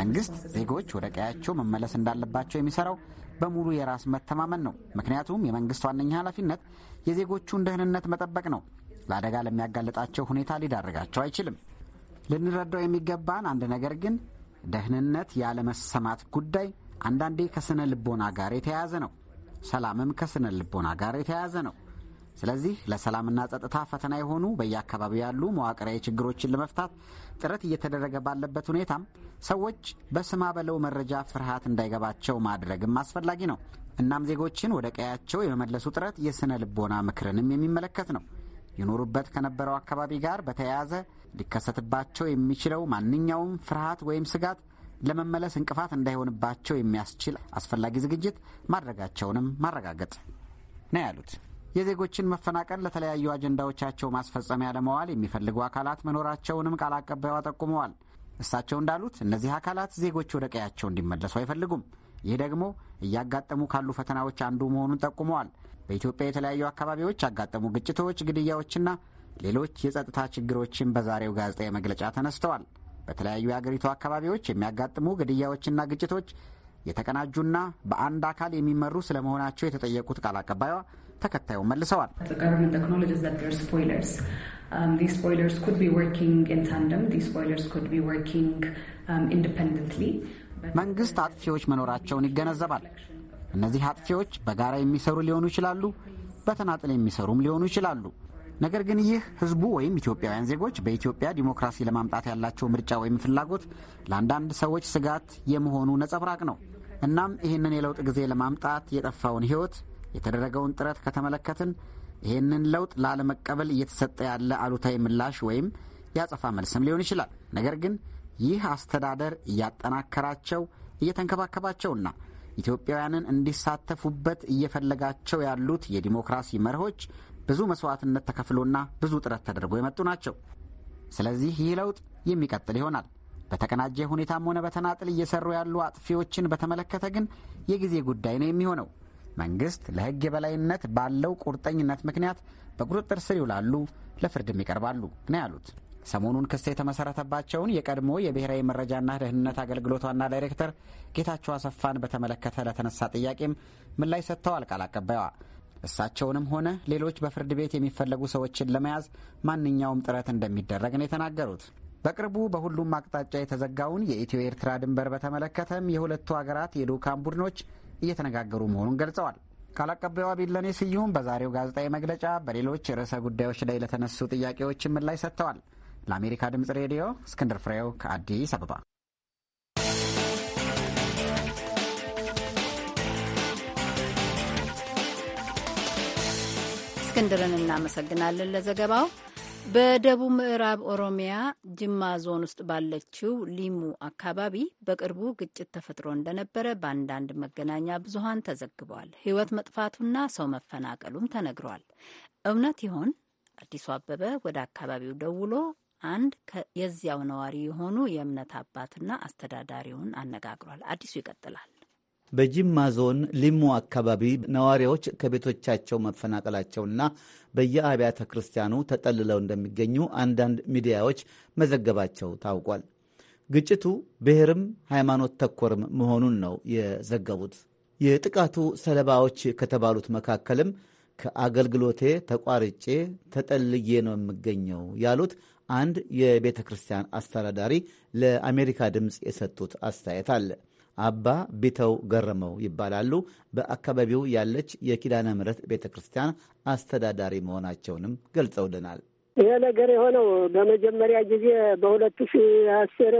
መንግስት ዜጎች ወደ ቀያቸው መመለስ እንዳለባቸው የሚሰራው በሙሉ የራስ መተማመን ነው። ምክንያቱም የመንግስት ዋነኛ ኃላፊነት የዜጎቹን ደህንነት መጠበቅ ነው። ለአደጋ ለሚያጋልጣቸው ሁኔታ ሊዳርጋቸው አይችልም። ልንረዳው የሚገባን አንድ ነገር ግን ደህንነት ያለመሰማት ጉዳይ አንዳንዴ ከስነ ልቦና ጋር የተያያዘ ነው። ሰላምም ከስነ ልቦና ጋር የተያያዘ ነው። ስለዚህ ለሰላምና ጸጥታ ፈተና የሆኑ በየአካባቢው ያሉ መዋቅራዊ ችግሮችን ለመፍታት ጥረት እየተደረገ ባለበት ሁኔታም ሰዎች በስማ በለው መረጃ ፍርሃት እንዳይገባቸው ማድረግም አስፈላጊ ነው። እናም ዜጎችን ወደ ቀያቸው የመመለሱ ጥረት የሥነ ልቦና ምክርንም የሚመለከት ነው። ይኖሩበት ከነበረው አካባቢ ጋር በተያያዘ ሊከሰትባቸው የሚችለው ማንኛውም ፍርሃት ወይም ስጋት ለመመለስ እንቅፋት እንዳይሆንባቸው የሚያስችል አስፈላጊ ዝግጅት ማድረጋቸውንም ማረጋገጥ ነው ያሉት። የዜጎችን መፈናቀል ለተለያዩ አጀንዳዎቻቸው ማስፈጸሚያ ለመዋል የሚፈልጉ አካላት መኖራቸውንም ቃል አቀባይዋ ጠቁመዋል። እሳቸው እንዳሉት እነዚህ አካላት ዜጎች ወደ ቀያቸው እንዲመለሱ አይፈልጉም። ይህ ደግሞ እያጋጠሙ ካሉ ፈተናዎች አንዱ መሆኑን ጠቁመዋል። በኢትዮጵያ የተለያዩ አካባቢዎች ያጋጠሙ ግጭቶች፣ ግድያዎችና ሌሎች የጸጥታ ችግሮችን በዛሬው ጋዜጣዊ መግለጫ ተነስተዋል። በተለያዩ የአገሪቱ አካባቢዎች የሚያጋጥሙ ግድያዎችና ግጭቶች የተቀናጁና በአንድ አካል የሚመሩ ስለመሆናቸው የተጠየቁት ቃል አቀባይዋ ተከታዩን መልሰዋል። um, um, መንግስት አጥፊዎች መኖራቸውን ይገነዘባል። እነዚህ አጥፊዎች በጋራ የሚሰሩ ሊሆኑ ይችላሉ፣ በተናጥል የሚሰሩም ሊሆኑ ይችላሉ። ነገር ግን ይህ ህዝቡ ወይም ኢትዮጵያውያን ዜጎች በኢትዮጵያ ዲሞክራሲ ለማምጣት ያላቸው ምርጫ ወይም ፍላጎት ለአንዳንድ ሰዎች ስጋት የመሆኑ ነጸብራቅ ነው። እናም ይህንን የለውጥ ጊዜ ለማምጣት የጠፋውን ህይወት የተደረገውን ጥረት ከተመለከትን ይህንን ለውጥ ላለመቀበል እየተሰጠ ያለ አሉታዊ ምላሽ ወይም ያጸፋ መልስም ሊሆን ይችላል። ነገር ግን ይህ አስተዳደር እያጠናከራቸው እየተንከባከባቸውና ኢትዮጵያውያንን እንዲሳተፉበት እየፈለጋቸው ያሉት የዲሞክራሲ መርሆች ብዙ መስዋዕትነት ተከፍሎና ብዙ ጥረት ተደርጎ የመጡ ናቸው። ስለዚህ ይህ ለውጥ የሚቀጥል ይሆናል። በተቀናጀ ሁኔታም ሆነ በተናጥል እየሰሩ ያሉ አጥፊዎችን በተመለከተ ግን የጊዜ ጉዳይ ነው የሚሆነው። መንግስት ለህግ የበላይነት ባለው ቁርጠኝነት ምክንያት በቁጥጥር ስር ይውላሉ፣ ለፍርድም ይቀርባሉ ነው ያሉት። ሰሞኑን ክስ የተመሰረተባቸውን የቀድሞ የብሔራዊ መረጃና ደህንነት አገልግሎት ዋና ዳይሬክተር ጌታቸው አሰፋን በተመለከተ ለተነሳ ጥያቄም ምላሽ ሰጥተዋል ቃል አቀባይዋ። እሳቸውንም ሆነ ሌሎች በፍርድ ቤት የሚፈለጉ ሰዎችን ለመያዝ ማንኛውም ጥረት እንደሚደረግ ነው የተናገሩት። በቅርቡ በሁሉም አቅጣጫ የተዘጋውን የኢትዮ ኤርትራ ድንበር በተመለከተም የሁለቱ ሀገራት የልዑካን ቡድኖች እየተነጋገሩ መሆኑን ገልጸዋል። ቃል አቀባይዋ ቢለኔ ስዩም በዛሬው ጋዜጣዊ መግለጫ በሌሎች ርዕሰ ጉዳዮች ላይ ለተነሱ ምን ምላሽ ሰጥተዋል። ለአሜሪካ ድምፅ ሬዲዮ እስክንድር ፍሬው ከአዲስ አበባ። እስክንድርን እናመሰግናለን ለዘገባው። በደቡብ ምዕራብ ኦሮሚያ ጅማ ዞን ውስጥ ባለችው ሊሙ አካባቢ በቅርቡ ግጭት ተፈጥሮ እንደነበረ በአንዳንድ መገናኛ ብዙኃን ተዘግቧል። ሕይወት መጥፋቱና ሰው መፈናቀሉም ተነግሯል። እውነት ይሆን? አዲሱ አበበ ወደ አካባቢው ደውሎ አንድ የዚያው ነዋሪ የሆኑ የእምነት አባትና አስተዳዳሪውን አነጋግሯል። አዲሱ ይቀጥላል። በጅማ ዞን ሊሙ አካባቢ ነዋሪዎች ከቤቶቻቸው መፈናቀላቸውና በየአብያተ ክርስቲያኑ ተጠልለው እንደሚገኙ አንዳንድ ሚዲያዎች መዘገባቸው ታውቋል። ግጭቱ ብሔርም ሃይማኖት ተኮርም መሆኑን ነው የዘገቡት። የጥቃቱ ሰለባዎች ከተባሉት መካከልም ከአገልግሎቴ ተቋርጬ ተጠልዬ ነው የምገኘው ያሉት አንድ የቤተ ክርስቲያን አስተዳዳሪ ለአሜሪካ ድምፅ የሰጡት አስተያየት አለ። አባ ቢተው ገረመው ይባላሉ። በአካባቢው ያለች የኪዳነ ምሕረት ቤተ ክርስቲያን አስተዳዳሪ መሆናቸውንም ገልጸውልናል። ይህ ነገር የሆነው በመጀመሪያ ጊዜ በሁለት ሺ አስር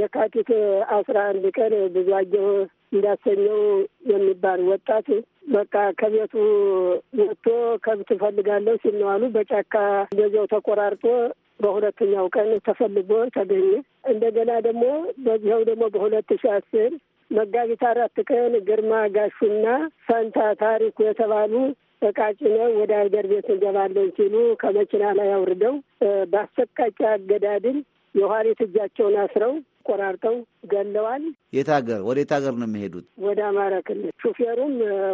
የካቲት አስራ አንድ ቀን ብዙ አየሁ እንዳሰኘው የሚባል ወጣት በቃ ከቤቱ ወጥቶ ከብት እፈልጋለሁ ሲነዋሉ በጫካ ገዛው ተቆራርጦ በሁለተኛው ቀን ተፈልጎ ተገኘ። እንደገና ደግሞ በዚያው ደግሞ በሁለት ሺ አስር መጋቢት አራት ቀን ግርማ ጋሹና ፈንታ ታሪኩ የተባሉ እቃ ጭነው ወደ ሀገር ቤት እንገባለን ሲሉ ከመኪና ላይ አውርደው በአሰቃቂ አገዳድል የኋሊት እጃቸውን አስረው ቆራርጠው ገለዋል። የት ሀገር ወደ የት ሀገር ነው የሚሄዱት? ወደ አማራ ክልል። ሹፌሩም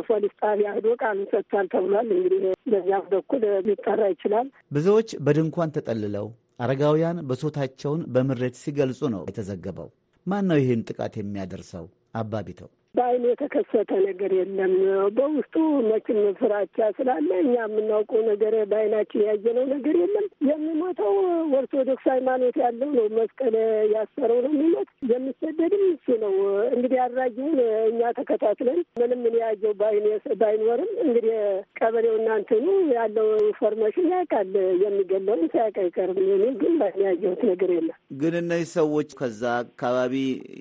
ፖሊስ ጣቢያ ሄዶ ቃሉን ሰጥቷል ተብሏል። እንግዲህ በዚያም በኩል ሊጠራ ይችላል። ብዙዎች በድንኳን ተጠልለው አረጋውያን በሶታቸውን በምሬት ሲገልጹ ነው የተዘገበው። ማን ነው ይህን ጥቃት የሚያደርሰው? አባቢተው በአይን የተከሰተ ነገር የለም። በውስጡ መቼም ፍራቻ ስላለ እኛ የምናውቀው ነገር በአይናችን ያየነው ነገር የለም። የሚሞተው ኦርቶዶክስ ሃይማኖት ያለው ነው። መስቀል ያሰረው ነው የሚሞት። የሚሰደድም እሱ ነው። እንግዲህ አድራጊውን እኛ ተከታትለን ምንም ምን ያየው ባይኖርም እንግዲህ ቀበሌው እናንትኑ ያለው ኢንፎርሜሽን ያውቃል። የሚገለውን ሳያውቅ አይቀርም። እኔ ግን በአይን ያየሁት ነገር የለም። ግን እነዚህ ሰዎች ከዛ አካባቢ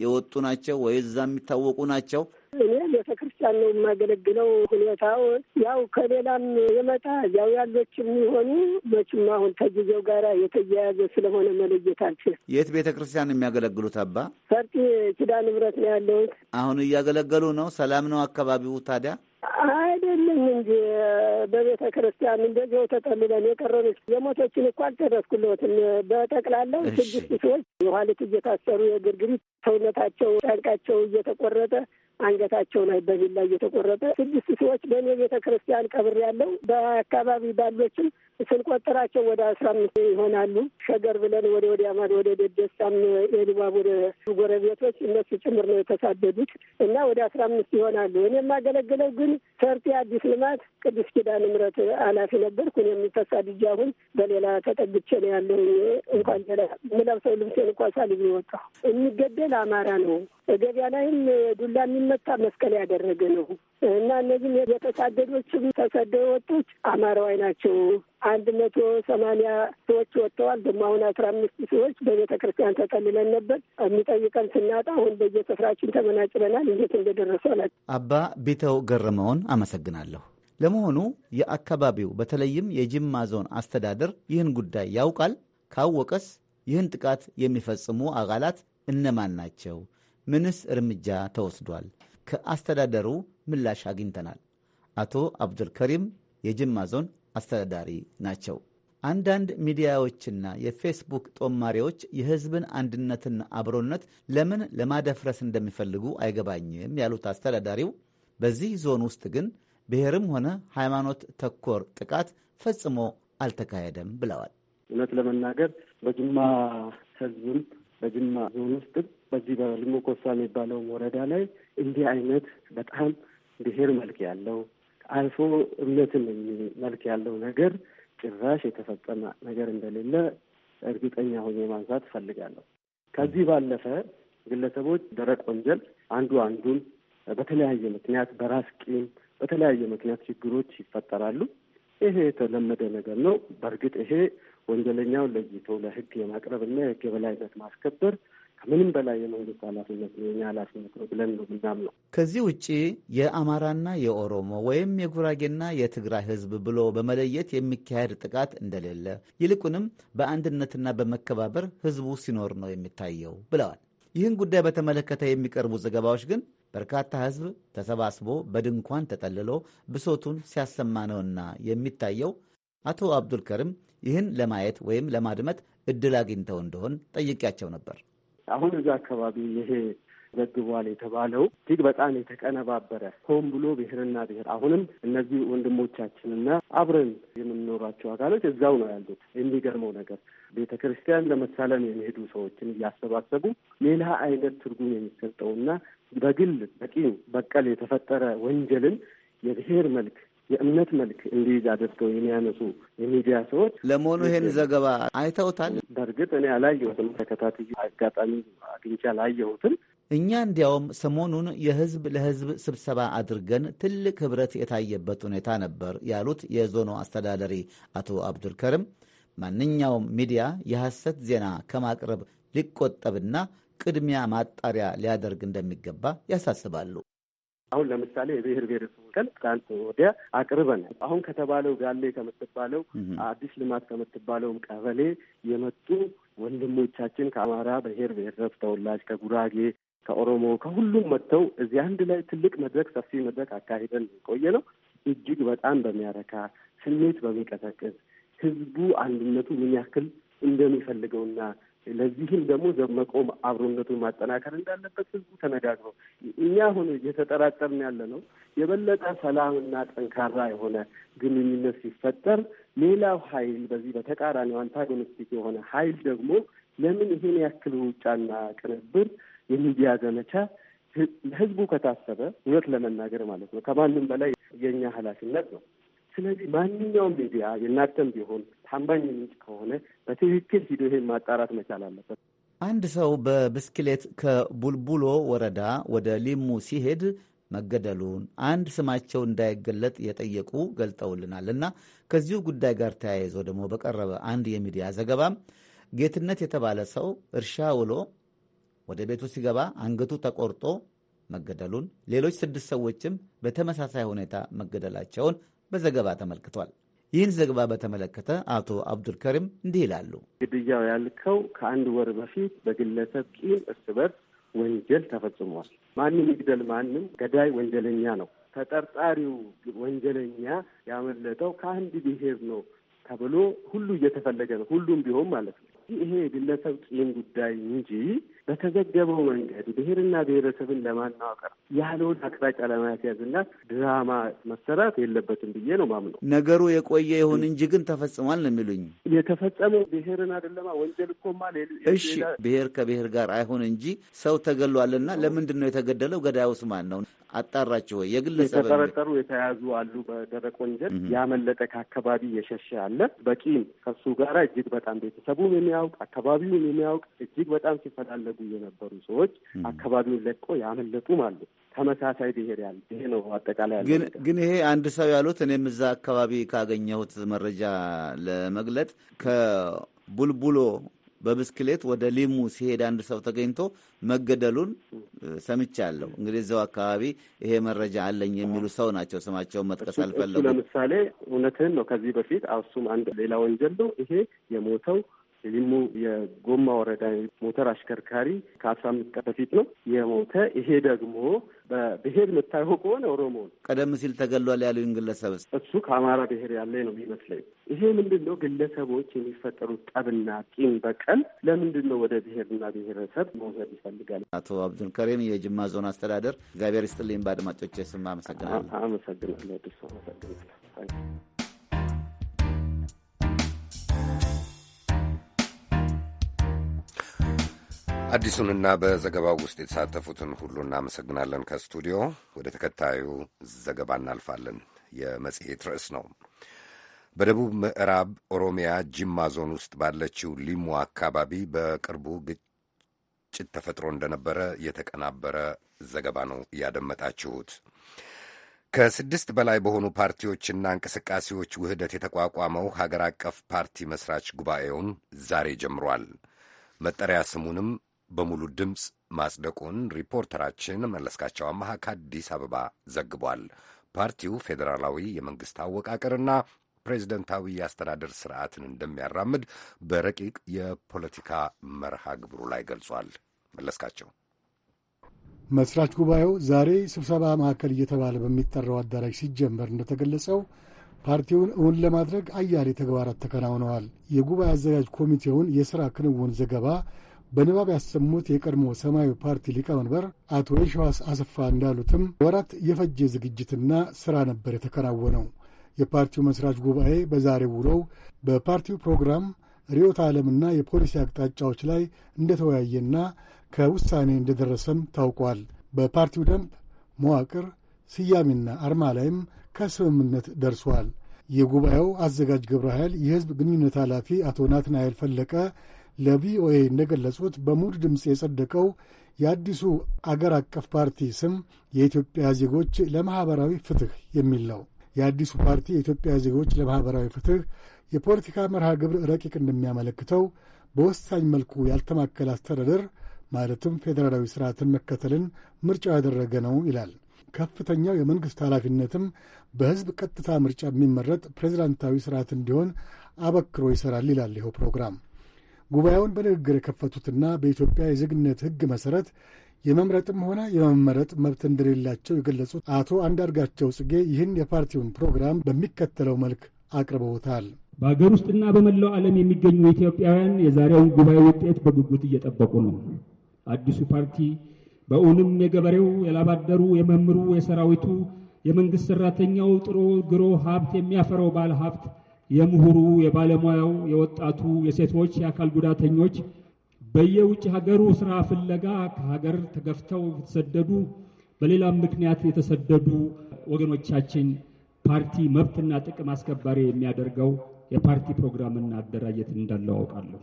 የወጡ ናቸው ወይ እዛ የሚታወቁ ናቸው እኔ ቤተ ክርስቲያን ነው የማገለግለው። ሁኔታው ያው ከሌላም የመጣ ያው ያሎች የሚሆኑ መቼም አሁን ከጊዜው ጋር የተያያዘ ስለሆነ መለየት አልችል። የት ቤተ ክርስቲያን የሚያገለግሉት አባ? ፈርጢ ኪዳነ ምሕረት ነው ያለሁት። አሁን እያገለገሉ ነው። ሰላም ነው አካባቢው ታዲያ? አይደለም እንጂ በቤተ ክርስቲያን እንደዚያው ተጠልለን የቀረነች የሞቶችን እኮ አልጨረስኩለትም። በጠቅላላው ስድስት ሰዎች የኋሊት እየታሰሩ የግርግሪት ሰውነታቸው ጫንቃቸው እየተቆረጠ አንገታቸው ላይ በቢላ እየተቆረጠ ስድስት ሰዎች በእኔ ቤተ ክርስቲያን ቀብር ያለው በአካባቢ ባሎችም ስንቆጠራቸው ወደ አስራ አምስት ይሆናሉ። ሸገር ብለን ወደ ወዲያማን ወደ ደደሳም የልባብ ወደ ጎረቤቶች እነሱ ጭምር ነው የተሳደዱት እና ወደ አስራ አምስት ይሆናሉ። እኔ የማገለግለው ግን ሰርቲ አዲስ ልማት ቅዱስ ኪዳነ ምሕረት ኃላፊ ነበርኩ። እኔም ተሳድጄ አሁን በሌላ ተጠግቼ ነው ያለው። እንኳን ሌላ የምለብሰው ልብሴን እንኳን ሳልብ ወጣሁ። የሚገደል አማራ ነው። ገበያ ላይም ዱላ የሚነ መታ መስቀል ያደረገ ነው እና እነዚህም የተሳደዶችም ተሰደው የወጡት አማራዋይ ናቸው። አንድ መቶ ሰማንያ ሰዎች ወጥተዋል። ደግሞ አሁን አስራ አምስት ሰዎች በቤተ ክርስቲያን ተጠልለን ነበር። የሚጠይቀን ስናጣ አሁን በየስፍራችን ተመናጭበናል። እንዴት እንደደረሱ አላት። አባ ቢተው ገረመውን አመሰግናለሁ። ለመሆኑ የአካባቢው በተለይም የጅማ ዞን አስተዳደር ይህን ጉዳይ ያውቃል? ካወቀስ ይህን ጥቃት የሚፈጽሙ አካላት እነማን ናቸው? ምንስ እርምጃ ተወስዷል? ከአስተዳደሩ ምላሽ አግኝተናል። አቶ አብዱልከሪም የጅማ ዞን አስተዳዳሪ ናቸው። አንዳንድ ሚዲያዎችና የፌስቡክ ጦማሪዎች የሕዝብን አንድነትና አብሮነት ለምን ለማደፍረስ እንደሚፈልጉ አይገባኝም ያሉት አስተዳዳሪው፣ በዚህ ዞን ውስጥ ግን ብሔርም ሆነ ሃይማኖት ተኮር ጥቃት ፈጽሞ አልተካሄደም ብለዋል። እውነት ለመናገር በጅማ ሕዝብም በጅማ ዞን ውስጥ በዚህ በልሞ ኮሳ የሚባለውም ወረዳ ላይ እንዲህ አይነት በጣም ብሔር መልክ ያለው አልፎ እምነትን መልክ ያለው ነገር ጭራሽ የተፈጸመ ነገር እንደሌለ እርግጠኛ ሆኜ ማንሳት እፈልጋለሁ። ከዚህ ባለፈ ግለሰቦች ደረቅ ወንጀል አንዱ አንዱን በተለያየ ምክንያት በራስ ቂም፣ በተለያየ ምክንያት ችግሮች ይፈጠራሉ። ይሄ የተለመደ ነገር ነው። በእርግጥ ይሄ ወንጀለኛውን ለይቶ ለህግ የማቅረብና የህግ የበላይነት ማስከበር ከምንም በላይ የመንግስት ኃላፊነት የኛ ኃላፊነት ነው ብለን ነው ምናምነው። ከዚህ ውጭ የአማራና የኦሮሞ ወይም የጉራጌና የትግራይ ህዝብ ብሎ በመለየት የሚካሄድ ጥቃት እንደሌለ ይልቁንም በአንድነትና በመከባበር ህዝቡ ሲኖር ነው የሚታየው ብለዋል። ይህን ጉዳይ በተመለከተ የሚቀርቡ ዘገባዎች ግን በርካታ ህዝብ ተሰባስቦ በድንኳን ተጠልሎ ብሶቱን ሲያሰማ ነውና የሚታየው አቶ አብዱል ይህን ለማየት ወይም ለማድመጥ እድል አግኝተው እንደሆን ጠይቄያቸው ነበር። አሁን እዚ አካባቢ ይሄ ዘግቧል የተባለው እጅግ በጣም የተቀነባበረ ሆን ብሎ ብሔርና ብሔር አሁንም እነዚህ ወንድሞቻችንና አብረን የምንኖራቸው አካሎች እዛው ነው ያሉት። የሚገርመው ነገር ቤተ ክርስቲያን ለመሳለም የሚሄዱ ሰዎችን እያሰባሰቡ ሌላ አይነት ትርጉም የሚሰጠውና በግል በቂም በቀል የተፈጠረ ወንጀልን የብሔር መልክ የእምነት መልክ እንዲይዝ አድርገው የሚያነሱ የሚዲያ ሰዎች ለመሆኑ ይሄን ዘገባ አይተውታል? በእርግጥ እኔ አላየሁትም። ተከታትዬ አጋጣሚ አግኝቼ አላየሁትም። እኛ እንዲያውም ሰሞኑን የህዝብ ለህዝብ ስብሰባ አድርገን ትልቅ ህብረት የታየበት ሁኔታ ነበር ያሉት የዞኑ አስተዳደሪ አቶ አብዱልከርም ማንኛውም ሚዲያ የሐሰት ዜና ከማቅረብ ሊቆጠብና ቅድሚያ ማጣሪያ ሊያደርግ እንደሚገባ ያሳስባሉ። አሁን ለምሳሌ የብሔር ብሔረሰቡ ቀን ትናንት ወዲያ አቅርበን አሁን ከተባለው ጋሌ ከምትባለው አዲስ ልማት ከምትባለውም ቀበሌ የመጡ ወንድሞቻችን ከአማራ ብሔር ብሔረሰብ ተወላጅ ከጉራጌ ከኦሮሞ ከሁሉም መጥተው እዚህ አንድ ላይ ትልቅ መድረክ ሰፊ መድረክ አካሂደን የቆየ ነው። እጅግ በጣም በሚያረካ ስሜት በሚቀሰቅስ ህዝቡ አንድነቱ ምን ያክል እንደሚፈልገውና ለዚህም ደግሞ ዘመቆም አብሮነቱ አብሮነቱን ማጠናከር እንዳለበት ህዝቡ ተነጋግረው እኛ አሁን እየተጠራጠርን ያለ ነው። የበለጠ ሰላምና ጠንካራ የሆነ ግንኙነት ሲፈጠር ሌላው ኃይል በዚህ በተቃራኒው አንታጎኒስቲክ የሆነ ኃይል ደግሞ ለምን ይሄን ያክል ውጫና ቅንብር የሚዲያ ዘመቻ ህዝቡ ከታሰበ እውነት ለመናገር ማለት ነው ከማንም በላይ የእኛ ኃላፊነት ነው። ስለዚህ ማንኛውም ሚዲያ የእናንተም ቢሆን ታማኝ ምንጭ ከሆነ በትክክል ሂዶ ይሄን ማጣራት መቻል አለበት። አንድ ሰው በብስክሌት ከቡልቡሎ ወረዳ ወደ ሊሙ ሲሄድ መገደሉን አንድ ስማቸው እንዳይገለጥ የጠየቁ ገልጠውልናል። እና ከዚሁ ጉዳይ ጋር ተያይዞ ደግሞ በቀረበ አንድ የሚዲያ ዘገባም ጌትነት የተባለ ሰው እርሻ ውሎ ወደ ቤቱ ሲገባ አንገቱ ተቆርጦ መገደሉን፣ ሌሎች ስድስት ሰዎችም በተመሳሳይ ሁኔታ መገደላቸውን በዘገባ ተመልክቷል። ይህን ዘገባ በተመለከተ አቶ አብዱልከሪም እንዲህ ይላሉ። ግድያው ያልከው ከአንድ ወር በፊት በግለሰብ ቂም እርስ በርስ ወንጀል ተፈጽሟል። ማንም ይግደል ማንም ገዳይ ወንጀለኛ ነው። ተጠርጣሪው ወንጀለኛ ያመለጠው ከአንድ ብሔር ነው ተብሎ ሁሉ እየተፈለገ ነው። ሁሉም ቢሆን ማለት ነው። ይሄ የግለሰብ ቂም ጉዳይ እንጂ በተዘገበው መንገድ ብሔርና ብሔረሰብን ለማናዋቀር ያለውን አቅጣጫ ለማስያዝና ድራማ መሰራት የለበትም ብዬ ነው ማምነው። ነገሩ የቆየ ይሁን እንጂ ግን ተፈጽሟል ነው የሚሉኝ። የተፈጸመው ብሔርን አይደለማ ወንጀል እኮማ። እሺ ብሔር ከብሔር ጋር አይሁን እንጂ ሰው ተገሏልና ለምንድን ነው የተገደለው? ገዳዩስ ማን ነው? አጣራችሁ ወይ? የግለሰብ የተጠረጠሩ የተያዙ አሉ። በደረቅ ወንጀል ያመለጠ ከአካባቢ የሸሸ አለ። በቂም ከሱ ጋር እጅግ በጣም ቤተሰቡም የሚያውቅ አካባቢውን የሚያውቅ እጅግ በጣም ሲፈላለጉ የነበሩ ሰዎች አካባቢውን ለቆ ያመለጡም አሉ። ተመሳሳይ ብሄር ያለ ይሄ ነው። አጠቃላይ ያለ ግን ይሄ አንድ ሰው ያሉት እኔም እዛ አካባቢ ካገኘሁት መረጃ ለመግለጥ ከቡልቡሎ በብስክሌት ወደ ሊሙ ሲሄድ አንድ ሰው ተገኝቶ መገደሉን ሰምቻለሁ። እንግዲህ እዚው አካባቢ ይሄ መረጃ አለኝ የሚሉ ሰው ናቸው። ስማቸውን መጥቀስ አልፈለጉም። ለምሳሌ እውነትህን ነው። ከዚህ በፊት አሱም አንድ ሌላ ወንጀል ነው ይሄ የሞተው የሊሙ የጎማ ወረዳ ሞተር አሽከርካሪ ከአስራ አምስት ቀን በፊት ነው የሞተ። ይሄ ደግሞ በብሄር የምታየው ከሆነ ኦሮሞ ነው። ቀደም ሲል ተገሏል ያሉኝ ግለሰብ እሱ ከአማራ ብሄር ያለ ነው ይመስለኝ። ይሄ ምንድን ነው ግለሰቦች የሚፈጠሩት ጠብና ቂም በቀል ለምንድን ነው ወደ ብሄርና ብሄረሰብ መውሰድ ይፈልጋል? አቶ አብዱልከሪም የጅማ ዞን አስተዳደር፣ እግዚአብሔር ይስጥልኝ። በአድማጮች ስም አመሰግናለሁ። አመሰግናለሁ። አዲሱ አመሰግናለሁ። አዲሱንና በዘገባው ውስጥ የተሳተፉትን ሁሉ እናመሰግናለን። ከስቱዲዮ ወደ ተከታዩ ዘገባ እናልፋለን። የመጽሔት ርዕስ ነው። በደቡብ ምዕራብ ኦሮሚያ ጂማ ዞን ውስጥ ባለችው ሊሙ አካባቢ በቅርቡ ግጭት ተፈጥሮ እንደነበረ የተቀናበረ ዘገባ ነው ያደመጣችሁት። ከስድስት በላይ በሆኑ ፓርቲዎችና እንቅስቃሴዎች ውህደት የተቋቋመው ሀገር አቀፍ ፓርቲ መስራች ጉባኤውን ዛሬ ጀምሯል። መጠሪያ ስሙንም በሙሉ ድምፅ ማጽደቁን ሪፖርተራችን መለስካቸው አማሃ ከአዲስ አበባ ዘግቧል። ፓርቲው ፌዴራላዊ የመንግሥት አወቃቀርና ፕሬዚደንታዊ የአስተዳደር ስርዓትን እንደሚያራምድ በረቂቅ የፖለቲካ መርሃ ግብሩ ላይ ገልጿል። መለስካቸው መስራች ጉባኤው ዛሬ ስብሰባ ማዕከል እየተባለ በሚጠራው አዳራሽ ሲጀመር እንደተገለጸው ፓርቲውን እውን ለማድረግ አያሌ ተግባራት ተከናውነዋል። የጉባኤ አዘጋጅ ኮሚቴውን የሥራ ክንውን ዘገባ በንባብ ያሰሙት የቀድሞ ሰማያዊ ፓርቲ ሊቀመንበር አቶ የሸዋስ አሰፋ እንዳሉትም ወራት የፈጀ ዝግጅትና ስራ ነበር የተከናወነው። የፓርቲው መስራች ጉባኤ በዛሬው ውለው በፓርቲው ፕሮግራም ርዕዮተ ዓለምና የፖሊሲ አቅጣጫዎች ላይ እንደተወያየና ከውሳኔ እንደደረሰም ታውቋል። በፓርቲው ደንብ መዋቅር፣ ስያሜና አርማ ላይም ከስምምነት ደርሷል። የጉባኤው አዘጋጅ ግብረ ኃይል የሕዝብ ግንኙነት ኃላፊ አቶ ናትናኤል ፈለቀ ለቪኦኤ እንደገለጹት በሙሉ ድምፅ የጸደቀው የአዲሱ አገር አቀፍ ፓርቲ ስም የኢትዮጵያ ዜጎች ለማኅበራዊ ፍትሕ የሚል ነው። የአዲሱ ፓርቲ የኢትዮጵያ ዜጎች ለማኅበራዊ ፍትሕ የፖለቲካ መርሃ ግብር ረቂቅ እንደሚያመለክተው በወሳኝ መልኩ ያልተማከለ አስተዳደር ማለትም ፌዴራላዊ ሥርዓትን መከተልን ምርጫው ያደረገ ነው ይላል። ከፍተኛው የመንግሥት ኃላፊነትም በሕዝብ ቀጥታ ምርጫ የሚመረጥ ፕሬዚዳንታዊ ሥርዓት እንዲሆን አበክሮ ይሠራል ይላል ይኸው ፕሮግራም። ጉባኤውን በንግግር የከፈቱትና በኢትዮጵያ የዜግነት ሕግ መሠረት የመምረጥም ሆነ የመመረጥ መብት እንደሌላቸው የገለጹት አቶ አንዳርጋቸው ጽጌ ይህን የፓርቲውን ፕሮግራም በሚከተለው መልክ አቅርበውታል። በአገር ውስጥና በመላው ዓለም የሚገኙ ኢትዮጵያውያን የዛሬውን ጉባኤ ውጤት በጉጉት እየጠበቁ ነው። አዲሱ ፓርቲ በእውንም የገበሬው፣ የላባደሩ፣ የመምህሩ፣ የሰራዊቱ፣ የመንግሥት ሠራተኛው ጥሮ ግሮ ሀብት የሚያፈራው ባለ ሀብት የምሁሩ፣ የባለሙያው፣ የወጣቱ፣ የሴቶች፣ የአካል ጉዳተኞች በየውጭ ሀገሩ ስራ ፍለጋ ከሀገር ተገፍተው የተሰደዱ በሌላም ምክንያት የተሰደዱ ወገኖቻችን ፓርቲ መብትና ጥቅም አስከባሪ የሚያደርገው የፓርቲ ፕሮግራምና አደራጀት እንዳለው አውቃለሁ።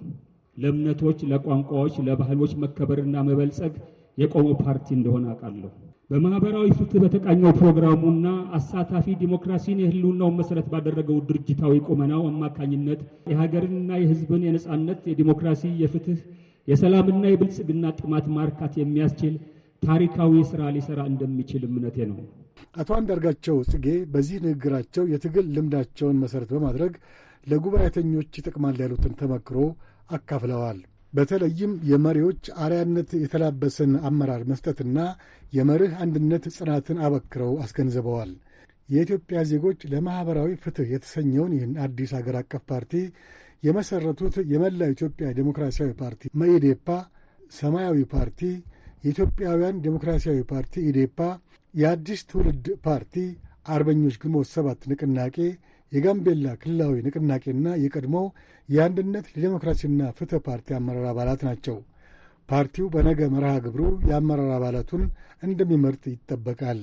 ለእምነቶች፣ ለቋንቋዎች፣ ለባህሎች መከበርና መበልጸግ የቆመ ፓርቲ እንደሆነ አውቃለሁ። በማህበራዊ ፍትህ በተቃኘው ፕሮግራሙና አሳታፊ ዲሞክራሲን የህልውናውን መሰረት ባደረገው ድርጅታዊ ቁመናው አማካኝነት የሀገርንና የህዝብን የነጻነት፣ የዲሞክራሲ፣ የፍትህ፣ የሰላምና የብልጽግና ጥማት ማርካት የሚያስችል ታሪካዊ ስራ ሊሰራ እንደሚችል እምነቴ ነው። አቶ አንዳርጋቸው ጽጌ በዚህ ንግግራቸው የትግል ልምዳቸውን መሰረት በማድረግ ለጉባኤተኞች ይጠቅማል ያሉትን ተመክሮ አካፍለዋል። በተለይም የመሪዎች አርያነት የተላበሰን አመራር መስጠትና የመርህ አንድነት ጽናትን አበክረው አስገንዝበዋል። የኢትዮጵያ ዜጎች ለማኅበራዊ ፍትሕ የተሰኘውን ይህን አዲስ አገር አቀፍ ፓርቲ የመሠረቱት የመላው ኢትዮጵያ ዴሞክራሲያዊ ፓርቲ መኢዴፓ፣ ሰማያዊ ፓርቲ፣ የኢትዮጵያውያን ዴሞክራሲያዊ ፓርቲ ኢዴፓ፣ የአዲስ ትውልድ ፓርቲ፣ አርበኞች ግንቦት ሰባት ንቅናቄ፣ የጋምቤላ ክልላዊ ንቅናቄና የቀድሞው የአንድነት ለዲሞክራሲና ፍትህ ፓርቲ አመራር አባላት ናቸው። ፓርቲው በነገ መርሃ ግብሩ የአመራር አባላቱን እንደሚመርጥ ይጠበቃል።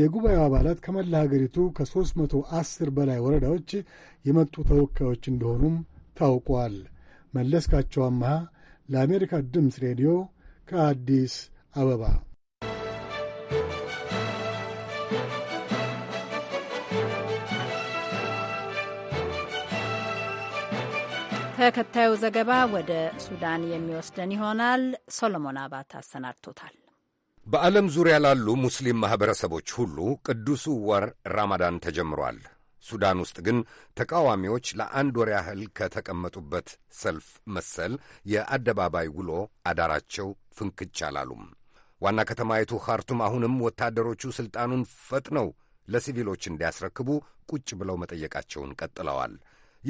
የጉባኤው አባላት ከመላ ሀገሪቱ ከ310 በላይ ወረዳዎች የመጡ ተወካዮች እንደሆኑም ታውቋል። መለስካቸው አመሃ ለአሜሪካ ድምፅ ሬዲዮ ከአዲስ አበባ ተከታዩ ዘገባ ወደ ሱዳን የሚወስደን ይሆናል። ሶሎሞን አባት አሰናድቶታል። በዓለም ዙሪያ ላሉ ሙስሊም ማኅበረሰቦች ሁሉ ቅዱሱ ወር ራማዳን ተጀምሯል። ሱዳን ውስጥ ግን ተቃዋሚዎች ለአንድ ወር ያህል ከተቀመጡበት ሰልፍ መሰል የአደባባይ ውሎ አዳራቸው ፍንክች አላሉም። ዋና ከተማይቱ ኻርቱም አሁንም ወታደሮቹ ሥልጣኑን ፈጥነው ለሲቪሎች እንዲያስረክቡ ቁጭ ብለው መጠየቃቸውን ቀጥለዋል።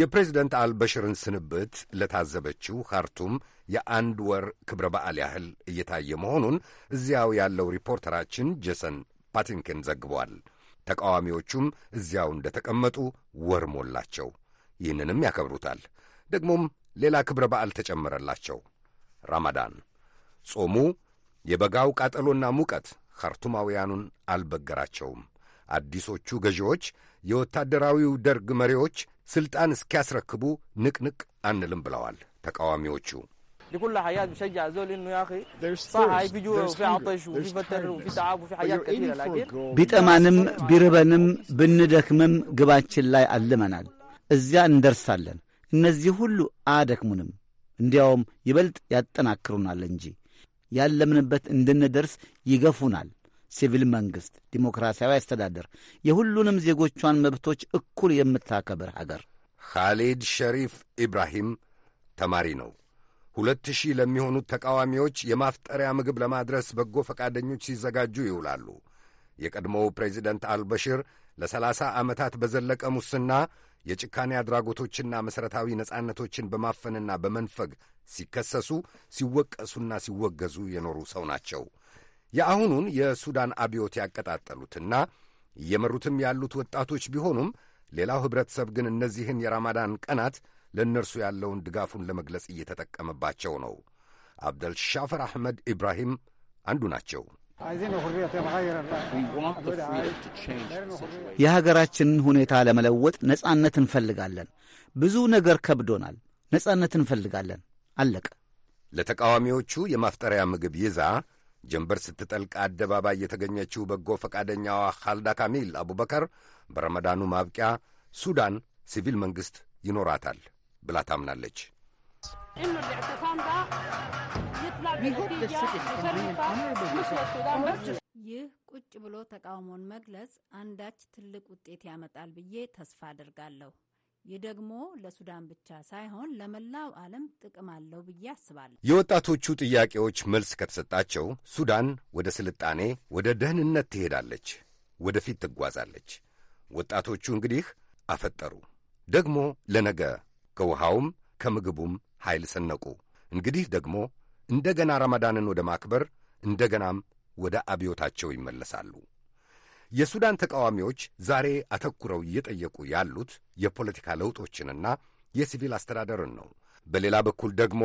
የፕሬዝደንት አልበሽርን ስንብት ለታዘበችው ካርቱም የአንድ ወር ክብረ በዓል ያህል እየታየ መሆኑን እዚያው ያለው ሪፖርተራችን ጄሰን ፓቲንኪን ዘግቧል። ተቃዋሚዎቹም እዚያው እንደ ተቀመጡ ወር ሞላቸው። ይህንንም ያከብሩታል። ደግሞም ሌላ ክብረ በዓል ተጨመረላቸው፣ ራማዳን። ጾሙ የበጋው ቃጠሎና ሙቀት ካርቱማውያኑን አልበገራቸውም። አዲሶቹ ገዢዎች የወታደራዊው ደርግ መሪዎች ስልጣን እስኪያስረክቡ ንቅንቅ አንልም ብለዋል ተቃዋሚዎቹ። ቢጠማንም ቢርበንም ብንደክምም ግባችን ላይ አልመናል። እዚያ እንደርሳለን። እነዚህ ሁሉ አያደክሙንም፣ እንዲያውም ይበልጥ ያጠናክሩናል እንጂ ያለምንበት እንድንደርስ ይገፉናል። ሲቪል መንግሥት፣ ዲሞክራሲያዊ አስተዳደር፣ የሁሉንም ዜጎቿን መብቶች እኩል የምታከብር አገር። ኻሊድ ሸሪፍ ኢብራሂም ተማሪ ነው። ሁለት ሺህ ለሚሆኑት ተቃዋሚዎች የማፍጠሪያ ምግብ ለማድረስ በጎ ፈቃደኞች ሲዘጋጁ ይውላሉ። የቀድሞው ፕሬዚደንት አልበሽር ለሰላሳ ዓመታት በዘለቀ ሙስና የጭካኔ አድራጎቶችና መሠረታዊ ነጻነቶችን በማፈንና በመንፈግ ሲከሰሱ፣ ሲወቀሱና ሲወገዙ የኖሩ ሰው ናቸው። የአሁኑን የሱዳን አብዮት ያቀጣጠሉትና እየመሩትም ያሉት ወጣቶች ቢሆኑም ሌላው ኅብረተሰብ ግን እነዚህን የራማዳን ቀናት ለእነርሱ ያለውን ድጋፉን ለመግለጽ እየተጠቀመባቸው ነው። አብደልሻፈር አሕመድ ኢብራሂም አንዱ ናቸው። የሀገራችንን ሁኔታ ለመለወጥ ነጻነት እንፈልጋለን። ብዙ ነገር ከብዶናል። ነጻነት እንፈልጋለን። አለቀ። ለተቃዋሚዎቹ የማፍጠሪያ ምግብ ይዛ ጀንበር ስትጠልቅ አደባባይ የተገኘችው በጎ ፈቃደኛዋ ኻልዳ ካሚል አቡበከር በረመዳኑ ማብቂያ ሱዳን ሲቪል መንግሥት ይኖራታል ብላ ታምናለች። ይህ ቁጭ ብሎ ተቃውሞን መግለጽ አንዳች ትልቅ ውጤት ያመጣል ብዬ ተስፋ አድርጋለሁ። የደግሞ ለሱዳን ብቻ ሳይሆን ለመላው ዓለም ጥቅም አለው ብዬ አስባለሁ። የወጣቶቹ ጥያቄዎች መልስ ከተሰጣቸው ሱዳን ወደ ስልጣኔ፣ ወደ ደህንነት ትሄዳለች፣ ወደፊት ትጓዛለች። ወጣቶቹ እንግዲህ አፈጠሩ፣ ደግሞ ለነገ ከውሃውም ከምግቡም ኃይል ሰነቁ። እንግዲህ ደግሞ እንደገና ረመዳንን ወደ ማክበር እንደገናም ወደ አብዮታቸው ይመለሳሉ። የሱዳን ተቃዋሚዎች ዛሬ አተኩረው እየጠየቁ ያሉት የፖለቲካ ለውጦችንና የሲቪል አስተዳደርን ነው። በሌላ በኩል ደግሞ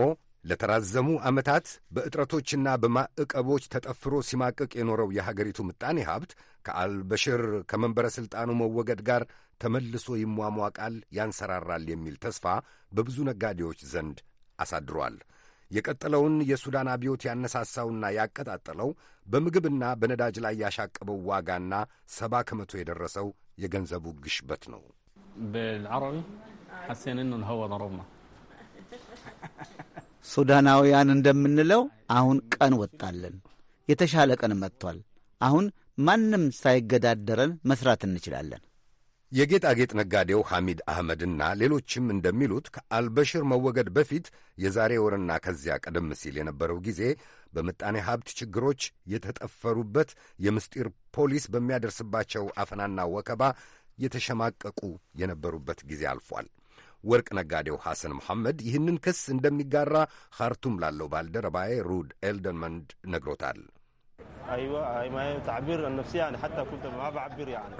ለተራዘሙ ዓመታት በእጥረቶችና በማዕቀቦች ተጠፍሮ ሲማቅቅ የኖረው የሀገሪቱ ምጣኔ ሀብት ከአልበሽር ከመንበረ ሥልጣኑ መወገድ ጋር ተመልሶ ይሟሟቃል፣ ያንሰራራል የሚል ተስፋ በብዙ ነጋዴዎች ዘንድ አሳድሯል። የቀጠለውን የሱዳን አብዮት ያነሳሳውና ያቀጣጠለው በምግብና በነዳጅ ላይ ያሻቀበው ዋጋና ሰባ ከመቶ የደረሰው የገንዘቡ ግሽበት ነው። ሱዳናውያን እንደምንለው አሁን ቀን ወጣለን። የተሻለ ቀን መጥቷል። አሁን ማንም ሳይገዳደረን መስራት እንችላለን። የጌጣጌጥ ነጋዴው ሐሚድ አህመድና ሌሎችም እንደሚሉት ከአልበሽር መወገድ በፊት የዛሬ ወርና ከዚያ ቀደም ሲል የነበረው ጊዜ በምጣኔ ሀብት ችግሮች የተጠፈሩበት፣ የምስጢር ፖሊስ በሚያደርስባቸው አፈናና ወከባ የተሸማቀቁ የነበሩበት ጊዜ አልፏል። ወርቅ ነጋዴው ሐሰን መሐመድ ይህንን ክስ እንደሚጋራ ካርቱም ላለው ባልደረባዬ ሩድ ኤልደንመንድ ነግሮታል።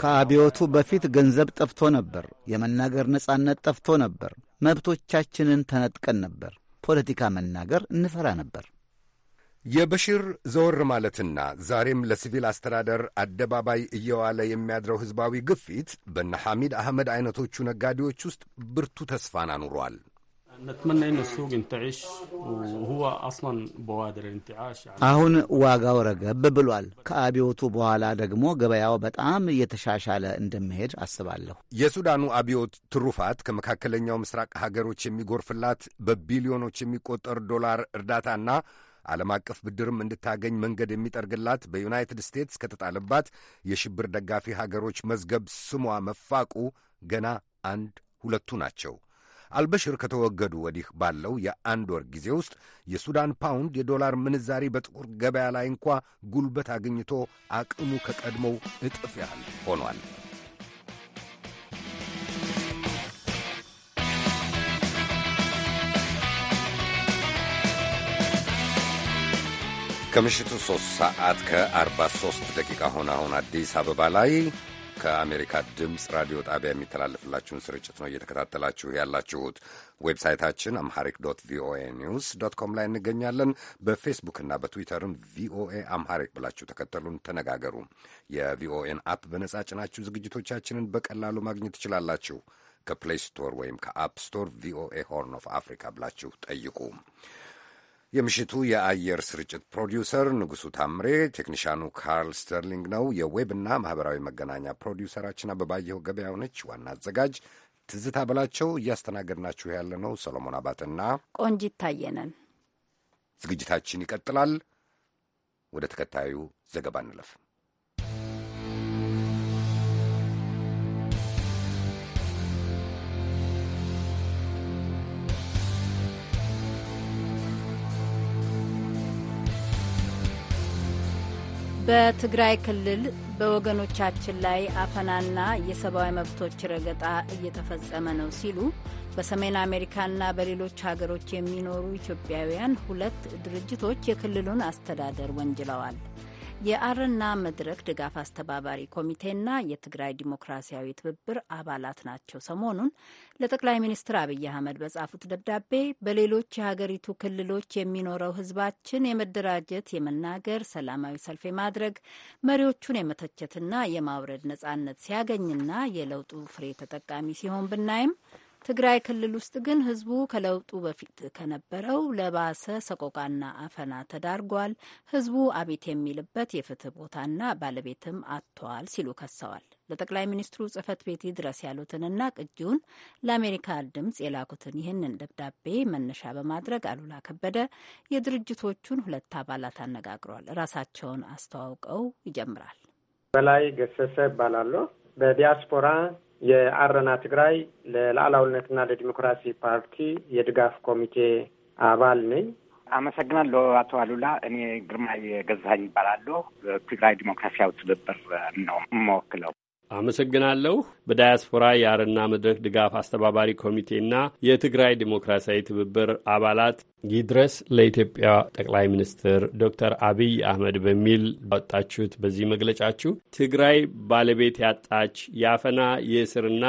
ከአብዮቱ በፊት ገንዘብ ጠፍቶ ነበር። የመናገር ነጻነት ጠፍቶ ነበር። መብቶቻችንን ተነጥቀን ነበር። ፖለቲካ መናገር እንፈራ ነበር። የበሽር ዘወር ማለትና ዛሬም ለሲቪል አስተዳደር አደባባይ እየዋለ የሚያድረው ሕዝባዊ ግፊት በነ ሐሚድ አህመድ ዐይነቶቹ ነጋዴዎች ውስጥ ብርቱ ተስፋን አኑሯል። አሁን ዋጋው ረገብ ብሏል። ከአብዮቱ በኋላ ደግሞ ገበያው በጣም እየተሻሻለ እንደሚሄድ አስባለሁ። የሱዳኑ አብዮት ትሩፋት ከመካከለኛው ምስራቅ ሀገሮች የሚጎርፍላት በቢሊዮኖች የሚቆጠር ዶላር እርዳታና ዓለም አቀፍ ብድርም እንድታገኝ መንገድ የሚጠርግላት በዩናይትድ ስቴትስ ከተጣለባት የሽብር ደጋፊ ሀገሮች መዝገብ ስሟ መፋቁ ገና አንድ ሁለቱ ናቸው። አልበሽር ከተወገዱ ወዲህ ባለው የአንድ ወር ጊዜ ውስጥ የሱዳን ፓውንድ የዶላር ምንዛሪ በጥቁር ገበያ ላይ እንኳ ጉልበት አግኝቶ አቅሙ ከቀድሞው እጥፍ ያህል ሆኗል። ከምሽቱ 3 ሰዓት ከ43 ደቂቃ ሆነ። አሁን አዲስ አበባ ላይ ከአሜሪካ ድምፅ ራዲዮ ጣቢያ የሚተላለፍላችሁን ስርጭት ነው እየተከታተላችሁ ያላችሁት። ዌብሳይታችን አምሐሪክ ዶት ቪኦኤ ኒውስ ዶት ኮም ላይ እንገኛለን። በፌስቡክና በትዊተርም ቪኦኤ አምሐሪክ ብላችሁ ተከተሉን፣ ተነጋገሩ። የቪኦኤን አፕ በነጻ ጭናችሁ ዝግጅቶቻችንን በቀላሉ ማግኘት ትችላላችሁ። ከፕሌይ ስቶር ወይም ከአፕ ስቶር ቪኦኤ ሆርን ኦፍ አፍሪካ ብላችሁ ጠይቁ። የምሽቱ የአየር ስርጭት ፕሮዲውሰር ንጉሡ ታምሬ፣ ቴክኒሻኑ ካርል ስተርሊንግ ነው። የዌብና ማኅበራዊ መገናኛ ፕሮዲውሰራችን አበባየሁ ገበያው ነች። ዋና አዘጋጅ ትዝታ በላቸው። እያስተናገድናችሁ ያለ ነው ሰሎሞን አባተና ቆንጂት ታየ ዝግጅታችን ይቀጥላል። ወደ ተከታዩ ዘገባ እንለፍ። በትግራይ ክልል በወገኖቻችን ላይ አፈናና የሰብአዊ መብቶች ረገጣ እየተፈጸመ ነው ሲሉ በሰሜን አሜሪካና በሌሎች ሀገሮች የሚኖሩ ኢትዮጵያውያን ሁለት ድርጅቶች የክልሉን አስተዳደር ወንጅለዋል። የአረና መድረክ ድጋፍ አስተባባሪ ኮሚቴና የትግራይ ዲሞክራሲያዊ ትብብር አባላት ናቸው። ሰሞኑን ለጠቅላይ ሚኒስትር አብይ አህመድ በጻፉት ደብዳቤ በሌሎች የሀገሪቱ ክልሎች የሚኖረው ሕዝባችን የመደራጀት፣ የመናገር፣ ሰላማዊ ሰልፍ የማድረግ መሪዎቹን የመተቸትና የማውረድ ነጻነት ሲያገኝና የለውጡ ፍሬ ተጠቃሚ ሲሆን ብናይም ትግራይ ክልል ውስጥ ግን ህዝቡ ከለውጡ በፊት ከነበረው ለባሰ ሰቆቃና አፈና ተዳርጓል። ህዝቡ አቤት የሚልበት የፍትህ ቦታና ባለቤትም አጥቷል ሲሉ ከሰዋል። ለጠቅላይ ሚኒስትሩ ጽህፈት ቤት ድረስ ያሉትንና ቅጂውን ለአሜሪካ ድምፅ የላኩትን ይህንን ደብዳቤ መነሻ በማድረግ አሉላ ከበደ የድርጅቶቹን ሁለት አባላት አነጋግሯል። ራሳቸውን አስተዋውቀው ይጀምራል። በላይ ገሰሰ እባላለሁ በዲያስፖራ የአረና ትግራይ ለሉዓላዊነትና ለዲሞክራሲ ፓርቲ የድጋፍ ኮሚቴ አባል ነኝ። አመሰግናለሁ አቶ አሉላ። እኔ ግርማ የገዛኝ ይባላለሁ። ትግራይ ዲሞክራሲያዊ ትብብር ነው የምወክለው። አመሰግናለሁ። በዳያስፖራ የአረና መድረክ ድጋፍ አስተባባሪ ኮሚቴና የትግራይ ዴሞክራሲያዊ ትብብር አባላት ይድረስ ለኢትዮጵያ ጠቅላይ ሚኒስትር ዶክተር አብይ አህመድ በሚል ባወጣችሁት በዚህ መግለጫችሁ ትግራይ ባለቤት ያጣች የአፈና የእስርና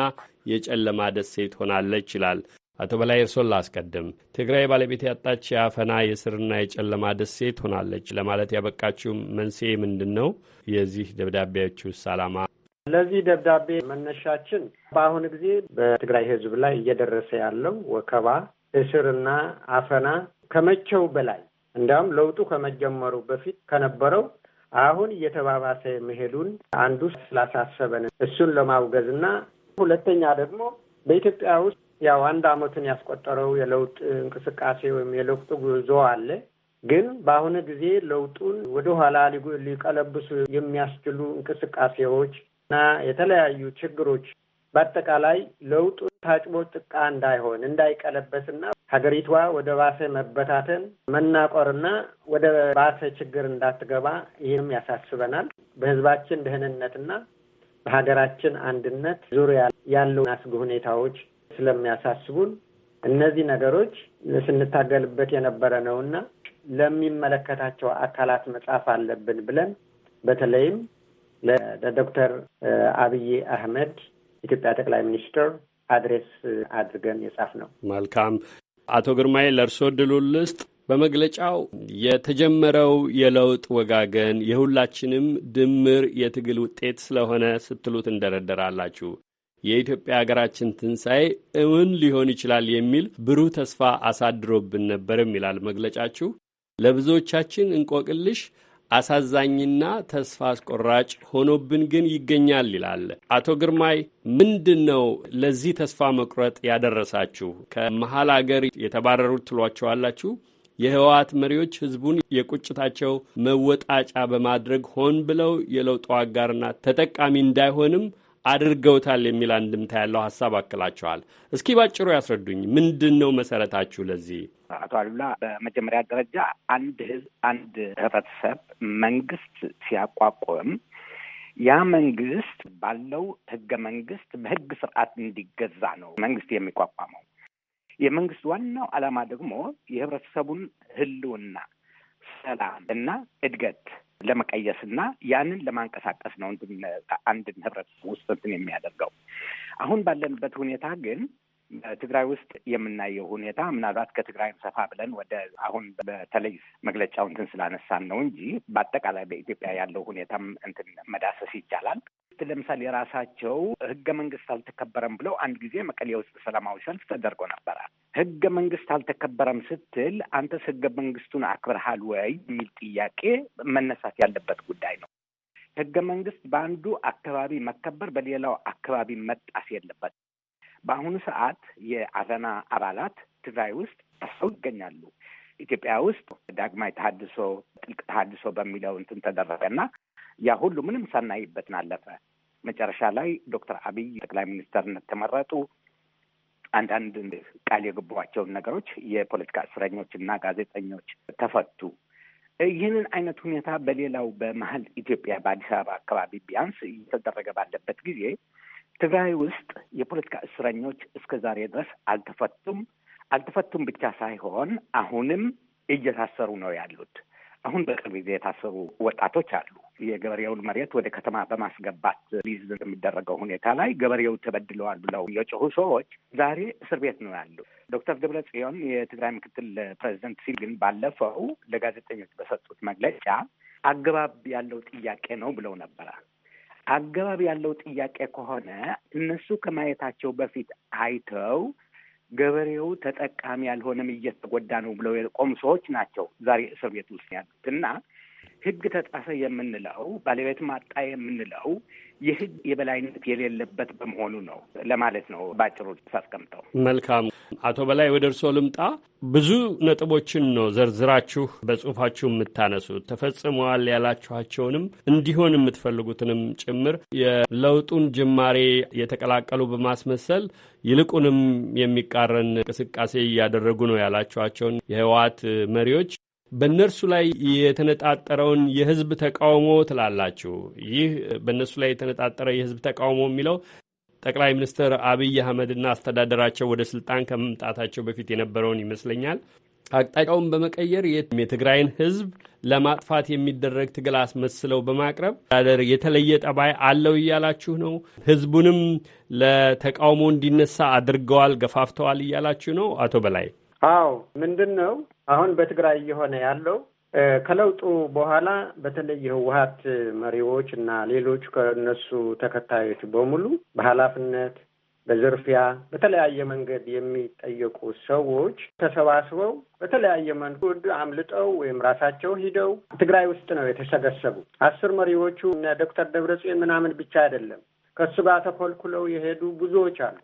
የጨለማ ደሴት ሆናለች ይላል። አቶ በላይ እርሶን ላስቀድም። ትግራይ ባለቤት ያጣች የአፈና የእስርና የጨለማ ደሴት ሆናለች ለማለት ያበቃችሁ መንስኤ ምንድን ነው? የዚህ ደብዳቤያችሁስ ዓላማ ለዚህ ደብዳቤ መነሻችን በአሁን ጊዜ በትግራይ ሕዝብ ላይ እየደረሰ ያለው ወከባ፣ እስርና አፈና ከመቼው በላይ እንዲያውም ለውጡ ከመጀመሩ በፊት ከነበረው አሁን እየተባባሰ መሄዱን አንዱ ስላሳሰበን እሱን ለማውገዝና ሁለተኛ ደግሞ በኢትዮጵያ ውስጥ ያው አንድ ዓመትን ያስቆጠረው የለውጥ እንቅስቃሴ ወይም የለውጥ ጉዞ አለ። ግን በአሁኑ ጊዜ ለውጡን ወደኋላ ሊቀለብሱ የሚያስችሉ እንቅስቃሴዎች እና የተለያዩ ችግሮች በአጠቃላይ ለውጡ ታጭቦ ጭቃ እንዳይሆን እንዳይቀለበስና ሀገሪቷ ወደ ባሰ መበታተን መናቆርና ወደ ባሰ ችግር እንዳትገባ ይህም ያሳስበናል። በህዝባችን ደህንነትና በሀገራችን አንድነት ዙሪያ ያለው አስጊ ሁኔታዎች ስለሚያሳስቡን እነዚህ ነገሮች ስንታገልበት የነበረ ነውና ለሚመለከታቸው አካላት መጻፍ አለብን ብለን በተለይም ለዶክተር አብይ አህመድ ኢትዮጵያ ጠቅላይ ሚኒስትር አድሬስ አድርገን የጻፍ ነው። መልካም አቶ ግርማዬ ለእርስዎ ድሉ ልስጥ። በመግለጫው የተጀመረው የለውጥ ወጋገን የሁላችንም ድምር የትግል ውጤት ስለሆነ ስትሉ ትንደረደራላችሁ። የኢትዮጵያ ሀገራችን ትንሣኤ እውን ሊሆን ይችላል የሚል ብሩህ ተስፋ አሳድሮብን ነበርም ይላል መግለጫችሁ። ለብዙዎቻችን እንቆቅልሽ አሳዛኝና ተስፋ አስቆራጭ ሆኖብን ግን ይገኛል ይላል አቶ ግርማይ። ምንድን ነው ለዚህ ተስፋ መቁረጥ ያደረሳችሁ? ከመሀል አገር የተባረሩት ትሏቸዋላችሁ የህወሓት መሪዎች ህዝቡን የቁጭታቸው መወጣጫ በማድረግ ሆን ብለው የለውጡ አጋርና ተጠቃሚ እንዳይሆንም አድርገውታል የሚል አንድምታ ያለው ሀሳብ አክላቸዋል። እስኪ ባጭሩ ያስረዱኝ። ምንድን ነው መሰረታችሁ ለዚህ? አቶ አሉላ፣ በመጀመሪያ ደረጃ አንድ ህዝብ፣ አንድ ህብረተሰብ መንግስት ሲያቋቁም ያ መንግስት ባለው ህገ መንግስት በህግ ስርዓት እንዲገዛ ነው መንግስት የሚቋቋመው። የመንግስት ዋናው ዓላማ ደግሞ የህብረተሰቡን ህልውና፣ ሰላም እና እድገት ለመቀየስና ያንን ለማንቀሳቀስ ነው አንድን ህብረተሰብ ውስጥ እንትን የሚያደርገው። አሁን ባለንበት ሁኔታ ግን በትግራይ ውስጥ የምናየው ሁኔታ ምናልባት ከትግራይም ሰፋ ብለን ወደ አሁን በተለይ መግለጫው እንትን ስላነሳን ነው እንጂ በአጠቃላይ በኢትዮጵያ ያለው ሁኔታም እንትን መዳሰስ ይቻላል። ለምሳሌ የራሳቸው ህገ መንግስት አልተከበረም ብለው አንድ ጊዜ መቀሌ ውስጥ ሰላማዊ ሰልፍ ተደርጎ ነበረ። ህገ መንግስት አልተከበረም ስትል አንተስ ህገ መንግስቱን አክብርሃል ወይ የሚል ጥያቄ መነሳት ያለበት ጉዳይ ነው። ህገ መንግስት በአንዱ አካባቢ መከበር በሌላው አካባቢ መጣስ የለበት። በአሁኑ ሰዓት የአረና አባላት ትግራይ ውስጥ ሰው ይገኛሉ። ኢትዮጵያ ውስጥ ዳግማይ ተሐድሶ ጥልቅ ተሐድሶ በሚለው እንትን ተደረገና ያ ሁሉ ምንም ሳናይበትን አለፈ። መጨረሻ ላይ ዶክተር አብይ ጠቅላይ ሚኒስተርነት ተመረጡ። አንዳንድ ቃል የገቧቸውን ነገሮች የፖለቲካ እስረኞች እና ጋዜጠኞች ተፈቱ። ይህንን አይነት ሁኔታ በሌላው በመሀል ኢትዮጵያ በአዲስ አበባ አካባቢ ቢያንስ እየተደረገ ባለበት ጊዜ ትግራይ ውስጥ የፖለቲካ እስረኞች እስከ ዛሬ ድረስ አልተፈቱም። አልተፈቱም ብቻ ሳይሆን አሁንም እየታሰሩ ነው ያሉት። አሁን በቅርብ ጊዜ የታሰሩ ወጣቶች አሉ። የገበሬውን መሬት ወደ ከተማ በማስገባት ሊዝ የሚደረገው ሁኔታ ላይ ገበሬው ተበድለዋል ብለው የጮሁ ሰዎች ዛሬ እስር ቤት ነው ያሉ። ዶክተር ደብረ ጽዮን የትግራይ ምክትል ፕሬዚደንት ሲል ግን ባለፈው ለጋዜጠኞች በሰጡት መግለጫ አገባብ ያለው ጥያቄ ነው ብለው ነበረ። አገባብ ያለው ጥያቄ ከሆነ እነሱ ከማየታቸው በፊት አይተው ገበሬው ተጠቃሚ ያልሆነም እየተጎዳ ነው ብለው የቆሙ ሰዎች ናቸው ዛሬ እስር ቤት ውስጥ ያሉት እና ህግ ተጻፈ የምንለው ባለቤት ማጣ የምንለው የህግ የበላይነት የሌለበት በመሆኑ ነው ለማለት ነው በአጭሩ ሳስቀምጠው። መልካም አቶ በላይ ወደ እርስዎ ልምጣ። ብዙ ነጥቦችን ነው ዘርዝራችሁ በጽሁፋችሁ የምታነሱት ተፈጽመዋል ያላችኋቸውንም እንዲሆን የምትፈልጉትንም ጭምር የለውጡን ጅማሬ የተቀላቀሉ በማስመሰል ይልቁንም የሚቃረን እንቅስቃሴ እያደረጉ ነው ያላችኋቸውን የህወሓት መሪዎች በእነርሱ ላይ የተነጣጠረውን የህዝብ ተቃውሞ ትላላችሁ። ይህ በእነርሱ ላይ የተነጣጠረ የህዝብ ተቃውሞ የሚለው ጠቅላይ ሚኒስትር አብይ አህመድና አስተዳደራቸው ወደ ስልጣን ከመምጣታቸው በፊት የነበረውን ይመስለኛል። አቅጣጫውን በመቀየር የትግራይን ህዝብ ለማጥፋት የሚደረግ ትግል አስመስለው በማቅረብ ዳደር የተለየ ጠባይ አለው እያላችሁ ነው። ህዝቡንም ለተቃውሞ እንዲነሳ አድርገዋል፣ ገፋፍተዋል እያላችሁ ነው። አቶ በላይ አዎ ምንድን ነው አሁን በትግራይ እየሆነ ያለው ከለውጡ በኋላ በተለይ የህወሀት መሪዎች እና ሌሎች ከነሱ ተከታዮች በሙሉ በኃላፊነት በዝርፊያ በተለያየ መንገድ የሚጠየቁ ሰዎች ተሰባስበው በተለያየ መንገድ አምልጠው ወይም ራሳቸው ሂደው ትግራይ ውስጥ ነው የተሰገሰቡ። አስር መሪዎቹ እነ ዶክተር ደብረጽዮን ምናምን ብቻ አይደለም ከእሱ ጋር ተኮልኩለው የሄዱ ብዙዎች አሉ።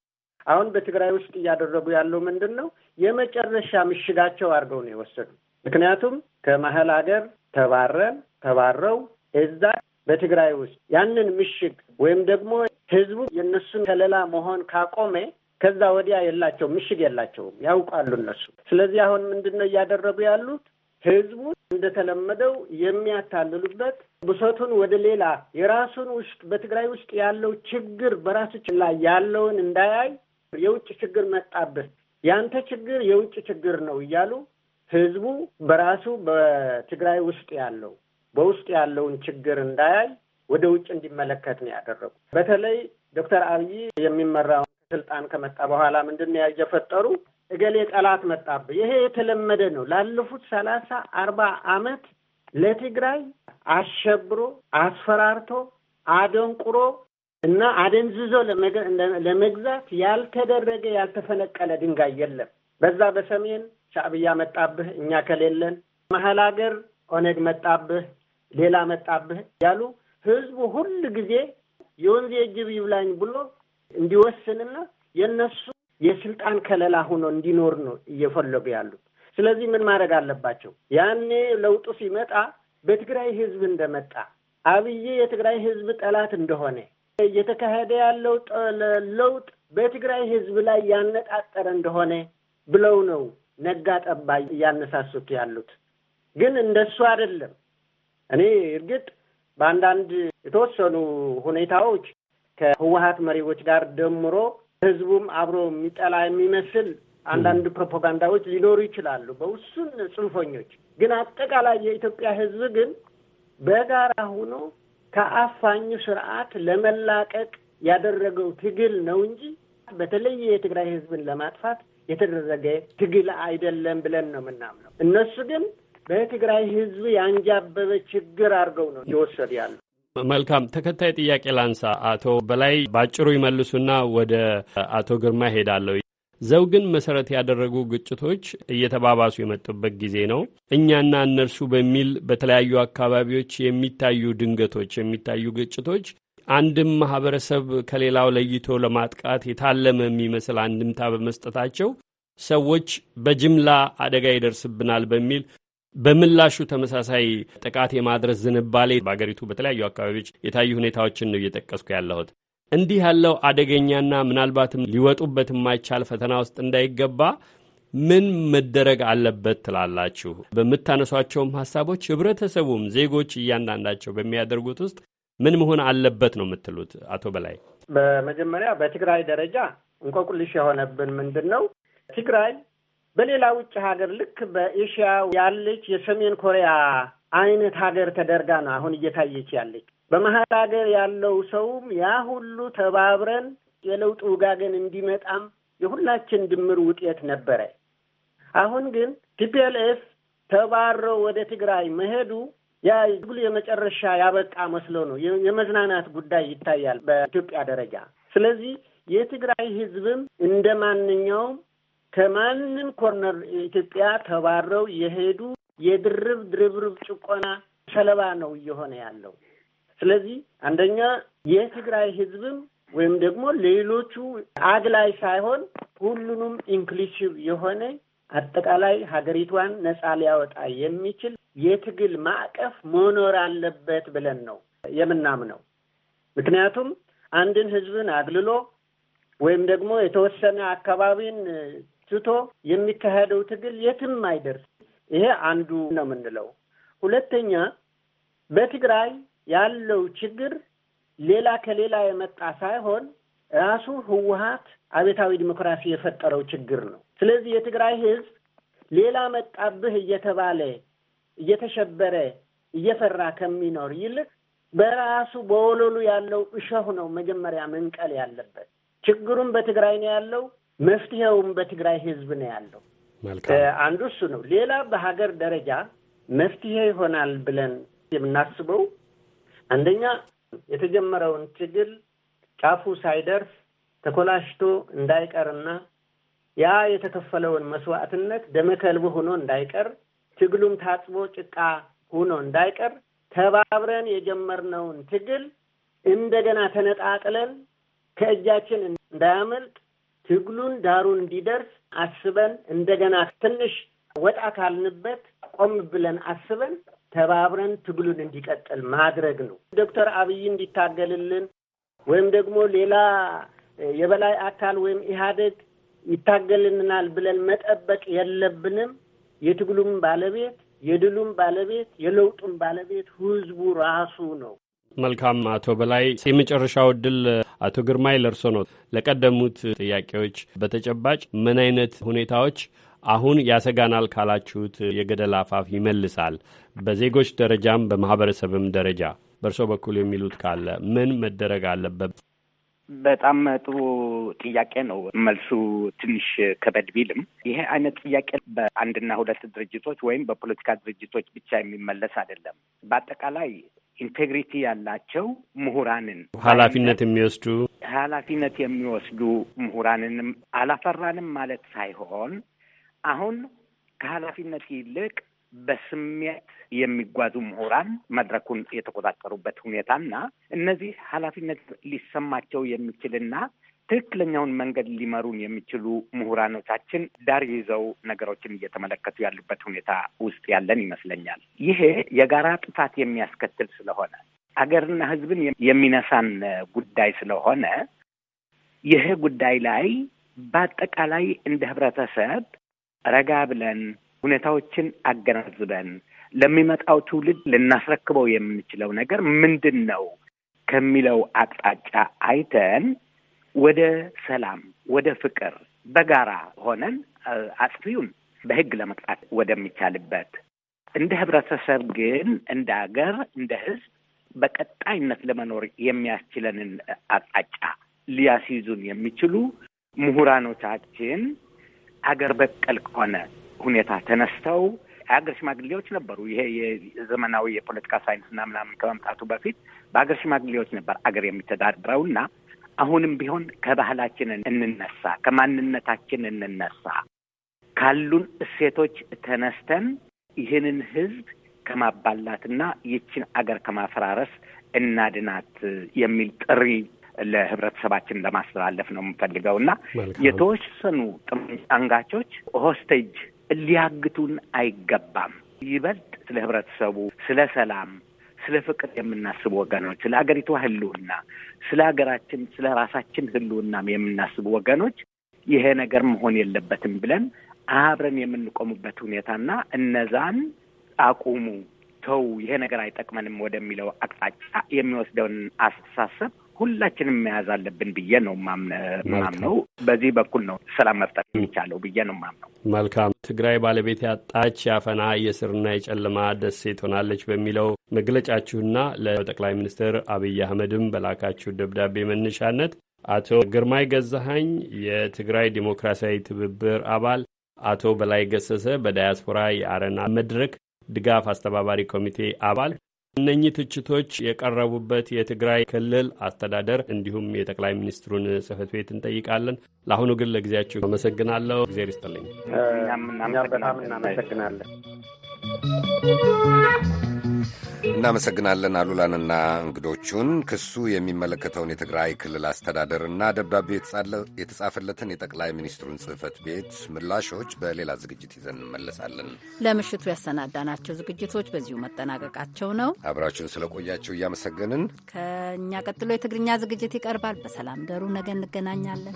አሁን በትግራይ ውስጥ እያደረጉ ያለው ምንድን ነው? የመጨረሻ ምሽጋቸው አድርገው ነው የወሰዱ። ምክንያቱም ከመሀል ሀገር ተባረን ተባረው እዛ በትግራይ ውስጥ ያንን ምሽግ ወይም ደግሞ ህዝቡ የእነሱን ከለላ መሆን ካቆመ ከዛ ወዲያ የላቸውም፣ ምሽግ የላቸውም፣ ያውቃሉ እነሱ። ስለዚህ አሁን ምንድን ነው እያደረጉ ያሉት? ህዝቡ እንደተለመደው የሚያታልሉበት ብሶቱን ወደ ሌላ የራሱን ውስጥ በትግራይ ውስጥ ያለው ችግር በራሱ ላይ ያለውን እንዳያይ የውጭ ችግር መጣብህ፣ ያንተ ችግር የውጭ ችግር ነው እያሉ ህዝቡ በራሱ በትግራይ ውስጥ ያለው በውስጥ ያለውን ችግር እንዳያይ ወደ ውጭ እንዲመለከት ነው ያደረጉ። በተለይ ዶክተር አብይ የሚመራውን ስልጣን ከመጣ በኋላ ምንድን ነው የፈጠሩ? እገሌ ጠላት መጣብህ። ይሄ የተለመደ ነው። ላለፉት ሰላሳ አርባ አመት ለትግራይ አሸብሮ አስፈራርቶ አደንቁሮ እና አደንዝዞ ለመግዛት ያልተደረገ ያልተፈነቀለ ድንጋይ የለም። በዛ በሰሜን ሻዕብያ መጣብህ፣ እኛ ከሌለን መሀል ሀገር ኦነግ መጣብህ፣ ሌላ መጣብህ ያሉ ህዝቡ ሁል ጊዜ የወንዝ የጅብ ይብላኝ ብሎ እንዲወስንና የነሱ የስልጣን ከለላ ሆኖ እንዲኖር ነው እየፈለጉ ያሉት። ስለዚህ ምን ማድረግ አለባቸው? ያኔ ለውጡ ሲመጣ በትግራይ ህዝብ እንደመጣ አብዬ የትግራይ ህዝብ ጠላት እንደሆነ እየተካሄደ ያለው ለውጥ በትግራይ ህዝብ ላይ ያነጣጠረ እንደሆነ ብለው ነው ነጋ ጠባ እያነሳሱት ያሉት። ግን እንደሱ አይደለም። እኔ እርግጥ በአንዳንድ የተወሰኑ ሁኔታዎች ከህወሀት መሪዎች ጋር ደምሮ ህዝቡም አብሮ የሚጠላ የሚመስል አንዳንድ ፕሮፓጋንዳዎች ሊኖሩ ይችላሉ በውሱን ጽንፈኞች። ግን አጠቃላይ የኢትዮጵያ ህዝብ ግን በጋራ ሆኖ ከአፋኙ ስርዓት ለመላቀቅ ያደረገው ትግል ነው እንጂ በተለይ የትግራይ ህዝብን ለማጥፋት የተደረገ ትግል አይደለም ብለን ነው የምናምነው። እነሱ ግን በትግራይ ህዝብ ያንጃበበ ችግር አድርገው ነው እየወሰዱ ያሉ። መልካም ተከታይ ጥያቄ ላንሳ። አቶ በላይ ባጭሩ ይመልሱና ወደ አቶ ግርማ ይሄዳለሁ። ዘውግን መሰረት ያደረጉ ግጭቶች እየተባባሱ የመጡበት ጊዜ ነው። እኛና እነርሱ በሚል በተለያዩ አካባቢዎች የሚታዩ ድንገቶች የሚታዩ ግጭቶች አንድም ማህበረሰብ ከሌላው ለይቶ ለማጥቃት የታለመ የሚመስል አንድምታ በመስጠታቸው ሰዎች በጅምላ አደጋ ይደርስብናል በሚል በምላሹ ተመሳሳይ ጥቃት የማድረስ ዝንባሌ በአገሪቱ በተለያዩ አካባቢዎች የታዩ ሁኔታዎችን ነው እየጠቀስኩ ያለሁት። እንዲህ ያለው አደገኛና ምናልባትም ሊወጡበት የማይቻል ፈተና ውስጥ እንዳይገባ ምን መደረግ አለበት ትላላችሁ? በምታነሷቸውም ሀሳቦች ህብረተሰቡም ዜጎች እያንዳንዳቸው በሚያደርጉት ውስጥ ምን መሆን አለበት ነው የምትሉት? አቶ በላይ በመጀመሪያ በትግራይ ደረጃ እንቆቅልሽ የሆነብን ምንድን ነው ትግራይ በሌላ ውጭ ሀገር ልክ በኤሽያ ያለች የሰሜን ኮሪያ አይነት ሀገር ተደርጋ ነው አሁን እየታየች ያለች። በመሀል ሀገር ያለው ሰውም ያ ሁሉ ተባብረን የለውጥ ውጋገን እንዲመጣም የሁላችን ድምር ውጤት ነበረ። አሁን ግን ቲፒኤልኤፍ ተባረው ወደ ትግራይ መሄዱ ያ ትግሉ የመጨረሻ ያበቃ መስሎ ነው። የመዝናናት ጉዳይ ይታያል በኢትዮጵያ ደረጃ። ስለዚህ የትግራይ ህዝብም እንደ ማንኛውም ከማንም ኮርነር ኢትዮጵያ ተባረው የሄዱ የድርብ ድርብርብ ጭቆና ሰለባ ነው እየሆነ ያለው። ስለዚህ አንደኛ የትግራይ ህዝብም ወይም ደግሞ ሌሎቹ አግላይ ሳይሆን ሁሉንም ኢንክሉሲቭ የሆነ አጠቃላይ ሀገሪቷን ነጻ ሊያወጣ የሚችል የትግል ማዕቀፍ መኖር አለበት ብለን ነው የምናምነው። ምክንያቱም አንድን ህዝብን አግልሎ ወይም ደግሞ የተወሰነ አካባቢን ትቶ የሚካሄደው ትግል የትም አይደርስ። ይሄ አንዱ ነው የምንለው። ሁለተኛ በትግራይ ያለው ችግር ሌላ ከሌላ የመጣ ሳይሆን ራሱ ህወሀት አቤታዊ ዲሞክራሲ የፈጠረው ችግር ነው። ስለዚህ የትግራይ ህዝብ ሌላ መጣብህ እየተባለ እየተሸበረ እየፈራ ከሚኖር ይልቅ በራሱ በወለሉ ያለው እሸሁ ነው መጀመሪያ መንቀል ያለበት። ችግሩም በትግራይ ነው ያለው፣ መፍትሄውም በትግራይ ህዝብ ነው ያለው። አንዱ እሱ ነው። ሌላ በሀገር ደረጃ መፍትሄ ይሆናል ብለን የምናስበው አንደኛ የተጀመረውን ትግል ጫፉ ሳይደርስ ተኮላሽቶ እንዳይቀርና ያ የተከፈለውን መስዋዕትነት ደመከልብ ሆኖ እንዳይቀር ትግሉም ታጥቦ ጭቃ ሆኖ እንዳይቀር ተባብረን የጀመርነውን ትግል እንደገና ተነጣጥለን ከእጃችን እንዳያመልጥ ትግሉን ዳሩ እንዲደርስ አስበን እንደገና ትንሽ ወጣ ካልንበት ቆም ብለን አስበን ተባብረን ትግሉን እንዲቀጥል ማድረግ ነው። ዶክተር አብይ እንዲታገልልን ወይም ደግሞ ሌላ የበላይ አካል ወይም ኢህአዴግ ይታገልልናል ብለን መጠበቅ የለብንም። የትግሉም ባለቤት የድሉም ባለቤት የለውጡም ባለቤት ህዝቡ ራሱ ነው። መልካም አቶ በላይ የመጨረሻው እድል አቶ ግርማይ ለእርሶ ነው። ለቀደሙት ጥያቄዎች በተጨባጭ ምን አይነት ሁኔታዎች አሁን ያሰጋናል ካላችሁት የገደል አፋፍ ይመልሳል። በዜጎች ደረጃም በማህበረሰብም ደረጃ በእርሶ በኩል የሚሉት ካለ ምን መደረግ አለበት? በጣም ጥሩ ጥያቄ ነው። መልሱ ትንሽ ከበድ ቢልም ይሄ አይነት ጥያቄ በአንድና ሁለት ድርጅቶች ወይም በፖለቲካ ድርጅቶች ብቻ የሚመለስ አይደለም። በአጠቃላይ ኢንቴግሪቲ ያላቸው ምሁራንን ኃላፊነት የሚወስዱ ኃላፊነት የሚወስዱ ምሁራንንም አላፈራንም ማለት ሳይሆን አሁን ከኃላፊነት ይልቅ በስሜት የሚጓዙ ምሁራን መድረኩን የተቆጣጠሩበት ሁኔታና እነዚህ ኃላፊነት ሊሰማቸው የሚችልና ትክክለኛውን መንገድ ሊመሩን የሚችሉ ምሁራኖቻችን ዳር ይዘው ነገሮችን እየተመለከቱ ያሉበት ሁኔታ ውስጥ ያለን ይመስለኛል። ይሄ የጋራ ጥፋት የሚያስከትል ስለሆነ አገርና ሕዝብን የሚነሳን ጉዳይ ስለሆነ ይሄ ጉዳይ ላይ በአጠቃላይ እንደ ህብረተሰብ ረጋ ብለን ሁኔታዎችን አገናዝበን ለሚመጣው ትውልድ ልናስረክበው የምንችለው ነገር ምንድን ነው ከሚለው አቅጣጫ አይተን ወደ ሰላም፣ ወደ ፍቅር በጋራ ሆነን አጥፊውን በሕግ ለመቅጣት ወደሚቻልበት እንደ ህብረተሰብ ግን እንደ ሀገር እንደ ሕዝብ በቀጣይነት ለመኖር የሚያስችለንን አቅጣጫ ሊያስይዙን የሚችሉ ምሁራኖቻችን አገር በቀል ከሆነ ሁኔታ ተነስተው የሀገር ሽማግሌዎች ነበሩ። ይሄ የዘመናዊ የፖለቲካ ሳይንስና ምናምን ከመምጣቱ በፊት በሀገር ሽማግሌዎች ነበር አገር የሚተዳድረው እና አሁንም ቢሆን ከባህላችን እንነሳ፣ ከማንነታችን እንነሳ፣ ካሉን እሴቶች ተነስተን ይህንን ህዝብ ከማባላትና ይችን አገር ከማፈራረስ እናድናት የሚል ጥሪ ለህብረተሰባችን ለማስተላለፍ ነው የምፈልገው እና የተወሰኑ ጥምጫንጋቾች ሆስቴጅ ሊያግቱን አይገባም። ይበልጥ ስለ ህብረተሰቡ፣ ስለ ሰላም፣ ስለ ፍቅር የምናስቡ ወገኖች፣ ስለ አገሪቷ ህልውና፣ ስለ ሀገራችን፣ ስለ ራሳችን ህልውናም የምናስቡ ወገኖች ይሄ ነገር መሆን የለበትም ብለን አብረን የምንቆሙበት ሁኔታና እነዛን አቁሙ፣ ተው፣ ይሄ ነገር አይጠቅመንም ወደሚለው አቅጣጫ የሚወስደውን አስተሳሰብ ሁላችንም መያዝ አለብን ብዬ ነው ማምነው። በዚህ በኩል ነው ሰላም መፍጠር የሚቻለው ብዬ ነው ማምነው። መልካም ትግራይ ባለቤት ያጣች ያፈና የስርና የጨለማ ደሴት ሆናለች በሚለው መግለጫችሁና ለጠቅላይ ሚኒስትር አብይ አህመድም በላካችሁ ደብዳቤ መነሻነት አቶ ግርማይ ገዛሀኝ የትግራይ ዲሞክራሲያዊ ትብብር አባል፣ አቶ በላይ ገሰሰ በዳያስፖራ የአረና መድረክ ድጋፍ አስተባባሪ ኮሚቴ አባል እነኚህ ትችቶች የቀረቡበት የትግራይ ክልል አስተዳደር እንዲሁም የጠቅላይ ሚኒስትሩን ጽህፈት ቤት እንጠይቃለን። ለአሁኑ ግን ለጊዜያችሁ አመሰግናለሁ። እግዜር ይስጥልኝ። በጣም እናመሰግናለን። እናመሰግናለን አሉላንና እንግዶቹን። ክሱ የሚመለከተውን የትግራይ ክልል አስተዳደርና ደብዳቤ የተጻፈለትን የጠቅላይ ሚኒስትሩን ጽህፈት ቤት ምላሾች በሌላ ዝግጅት ይዘን እንመለሳለን። ለምሽቱ ያሰናዳናቸው ዝግጅቶች በዚሁ መጠናቀቃቸው ነው። አብራችሁን ስለቆያችሁ እያመሰገንን ከእኛ ቀጥሎ የትግርኛ ዝግጅት ይቀርባል። በሰላም ደሩ። ነገ እንገናኛለን።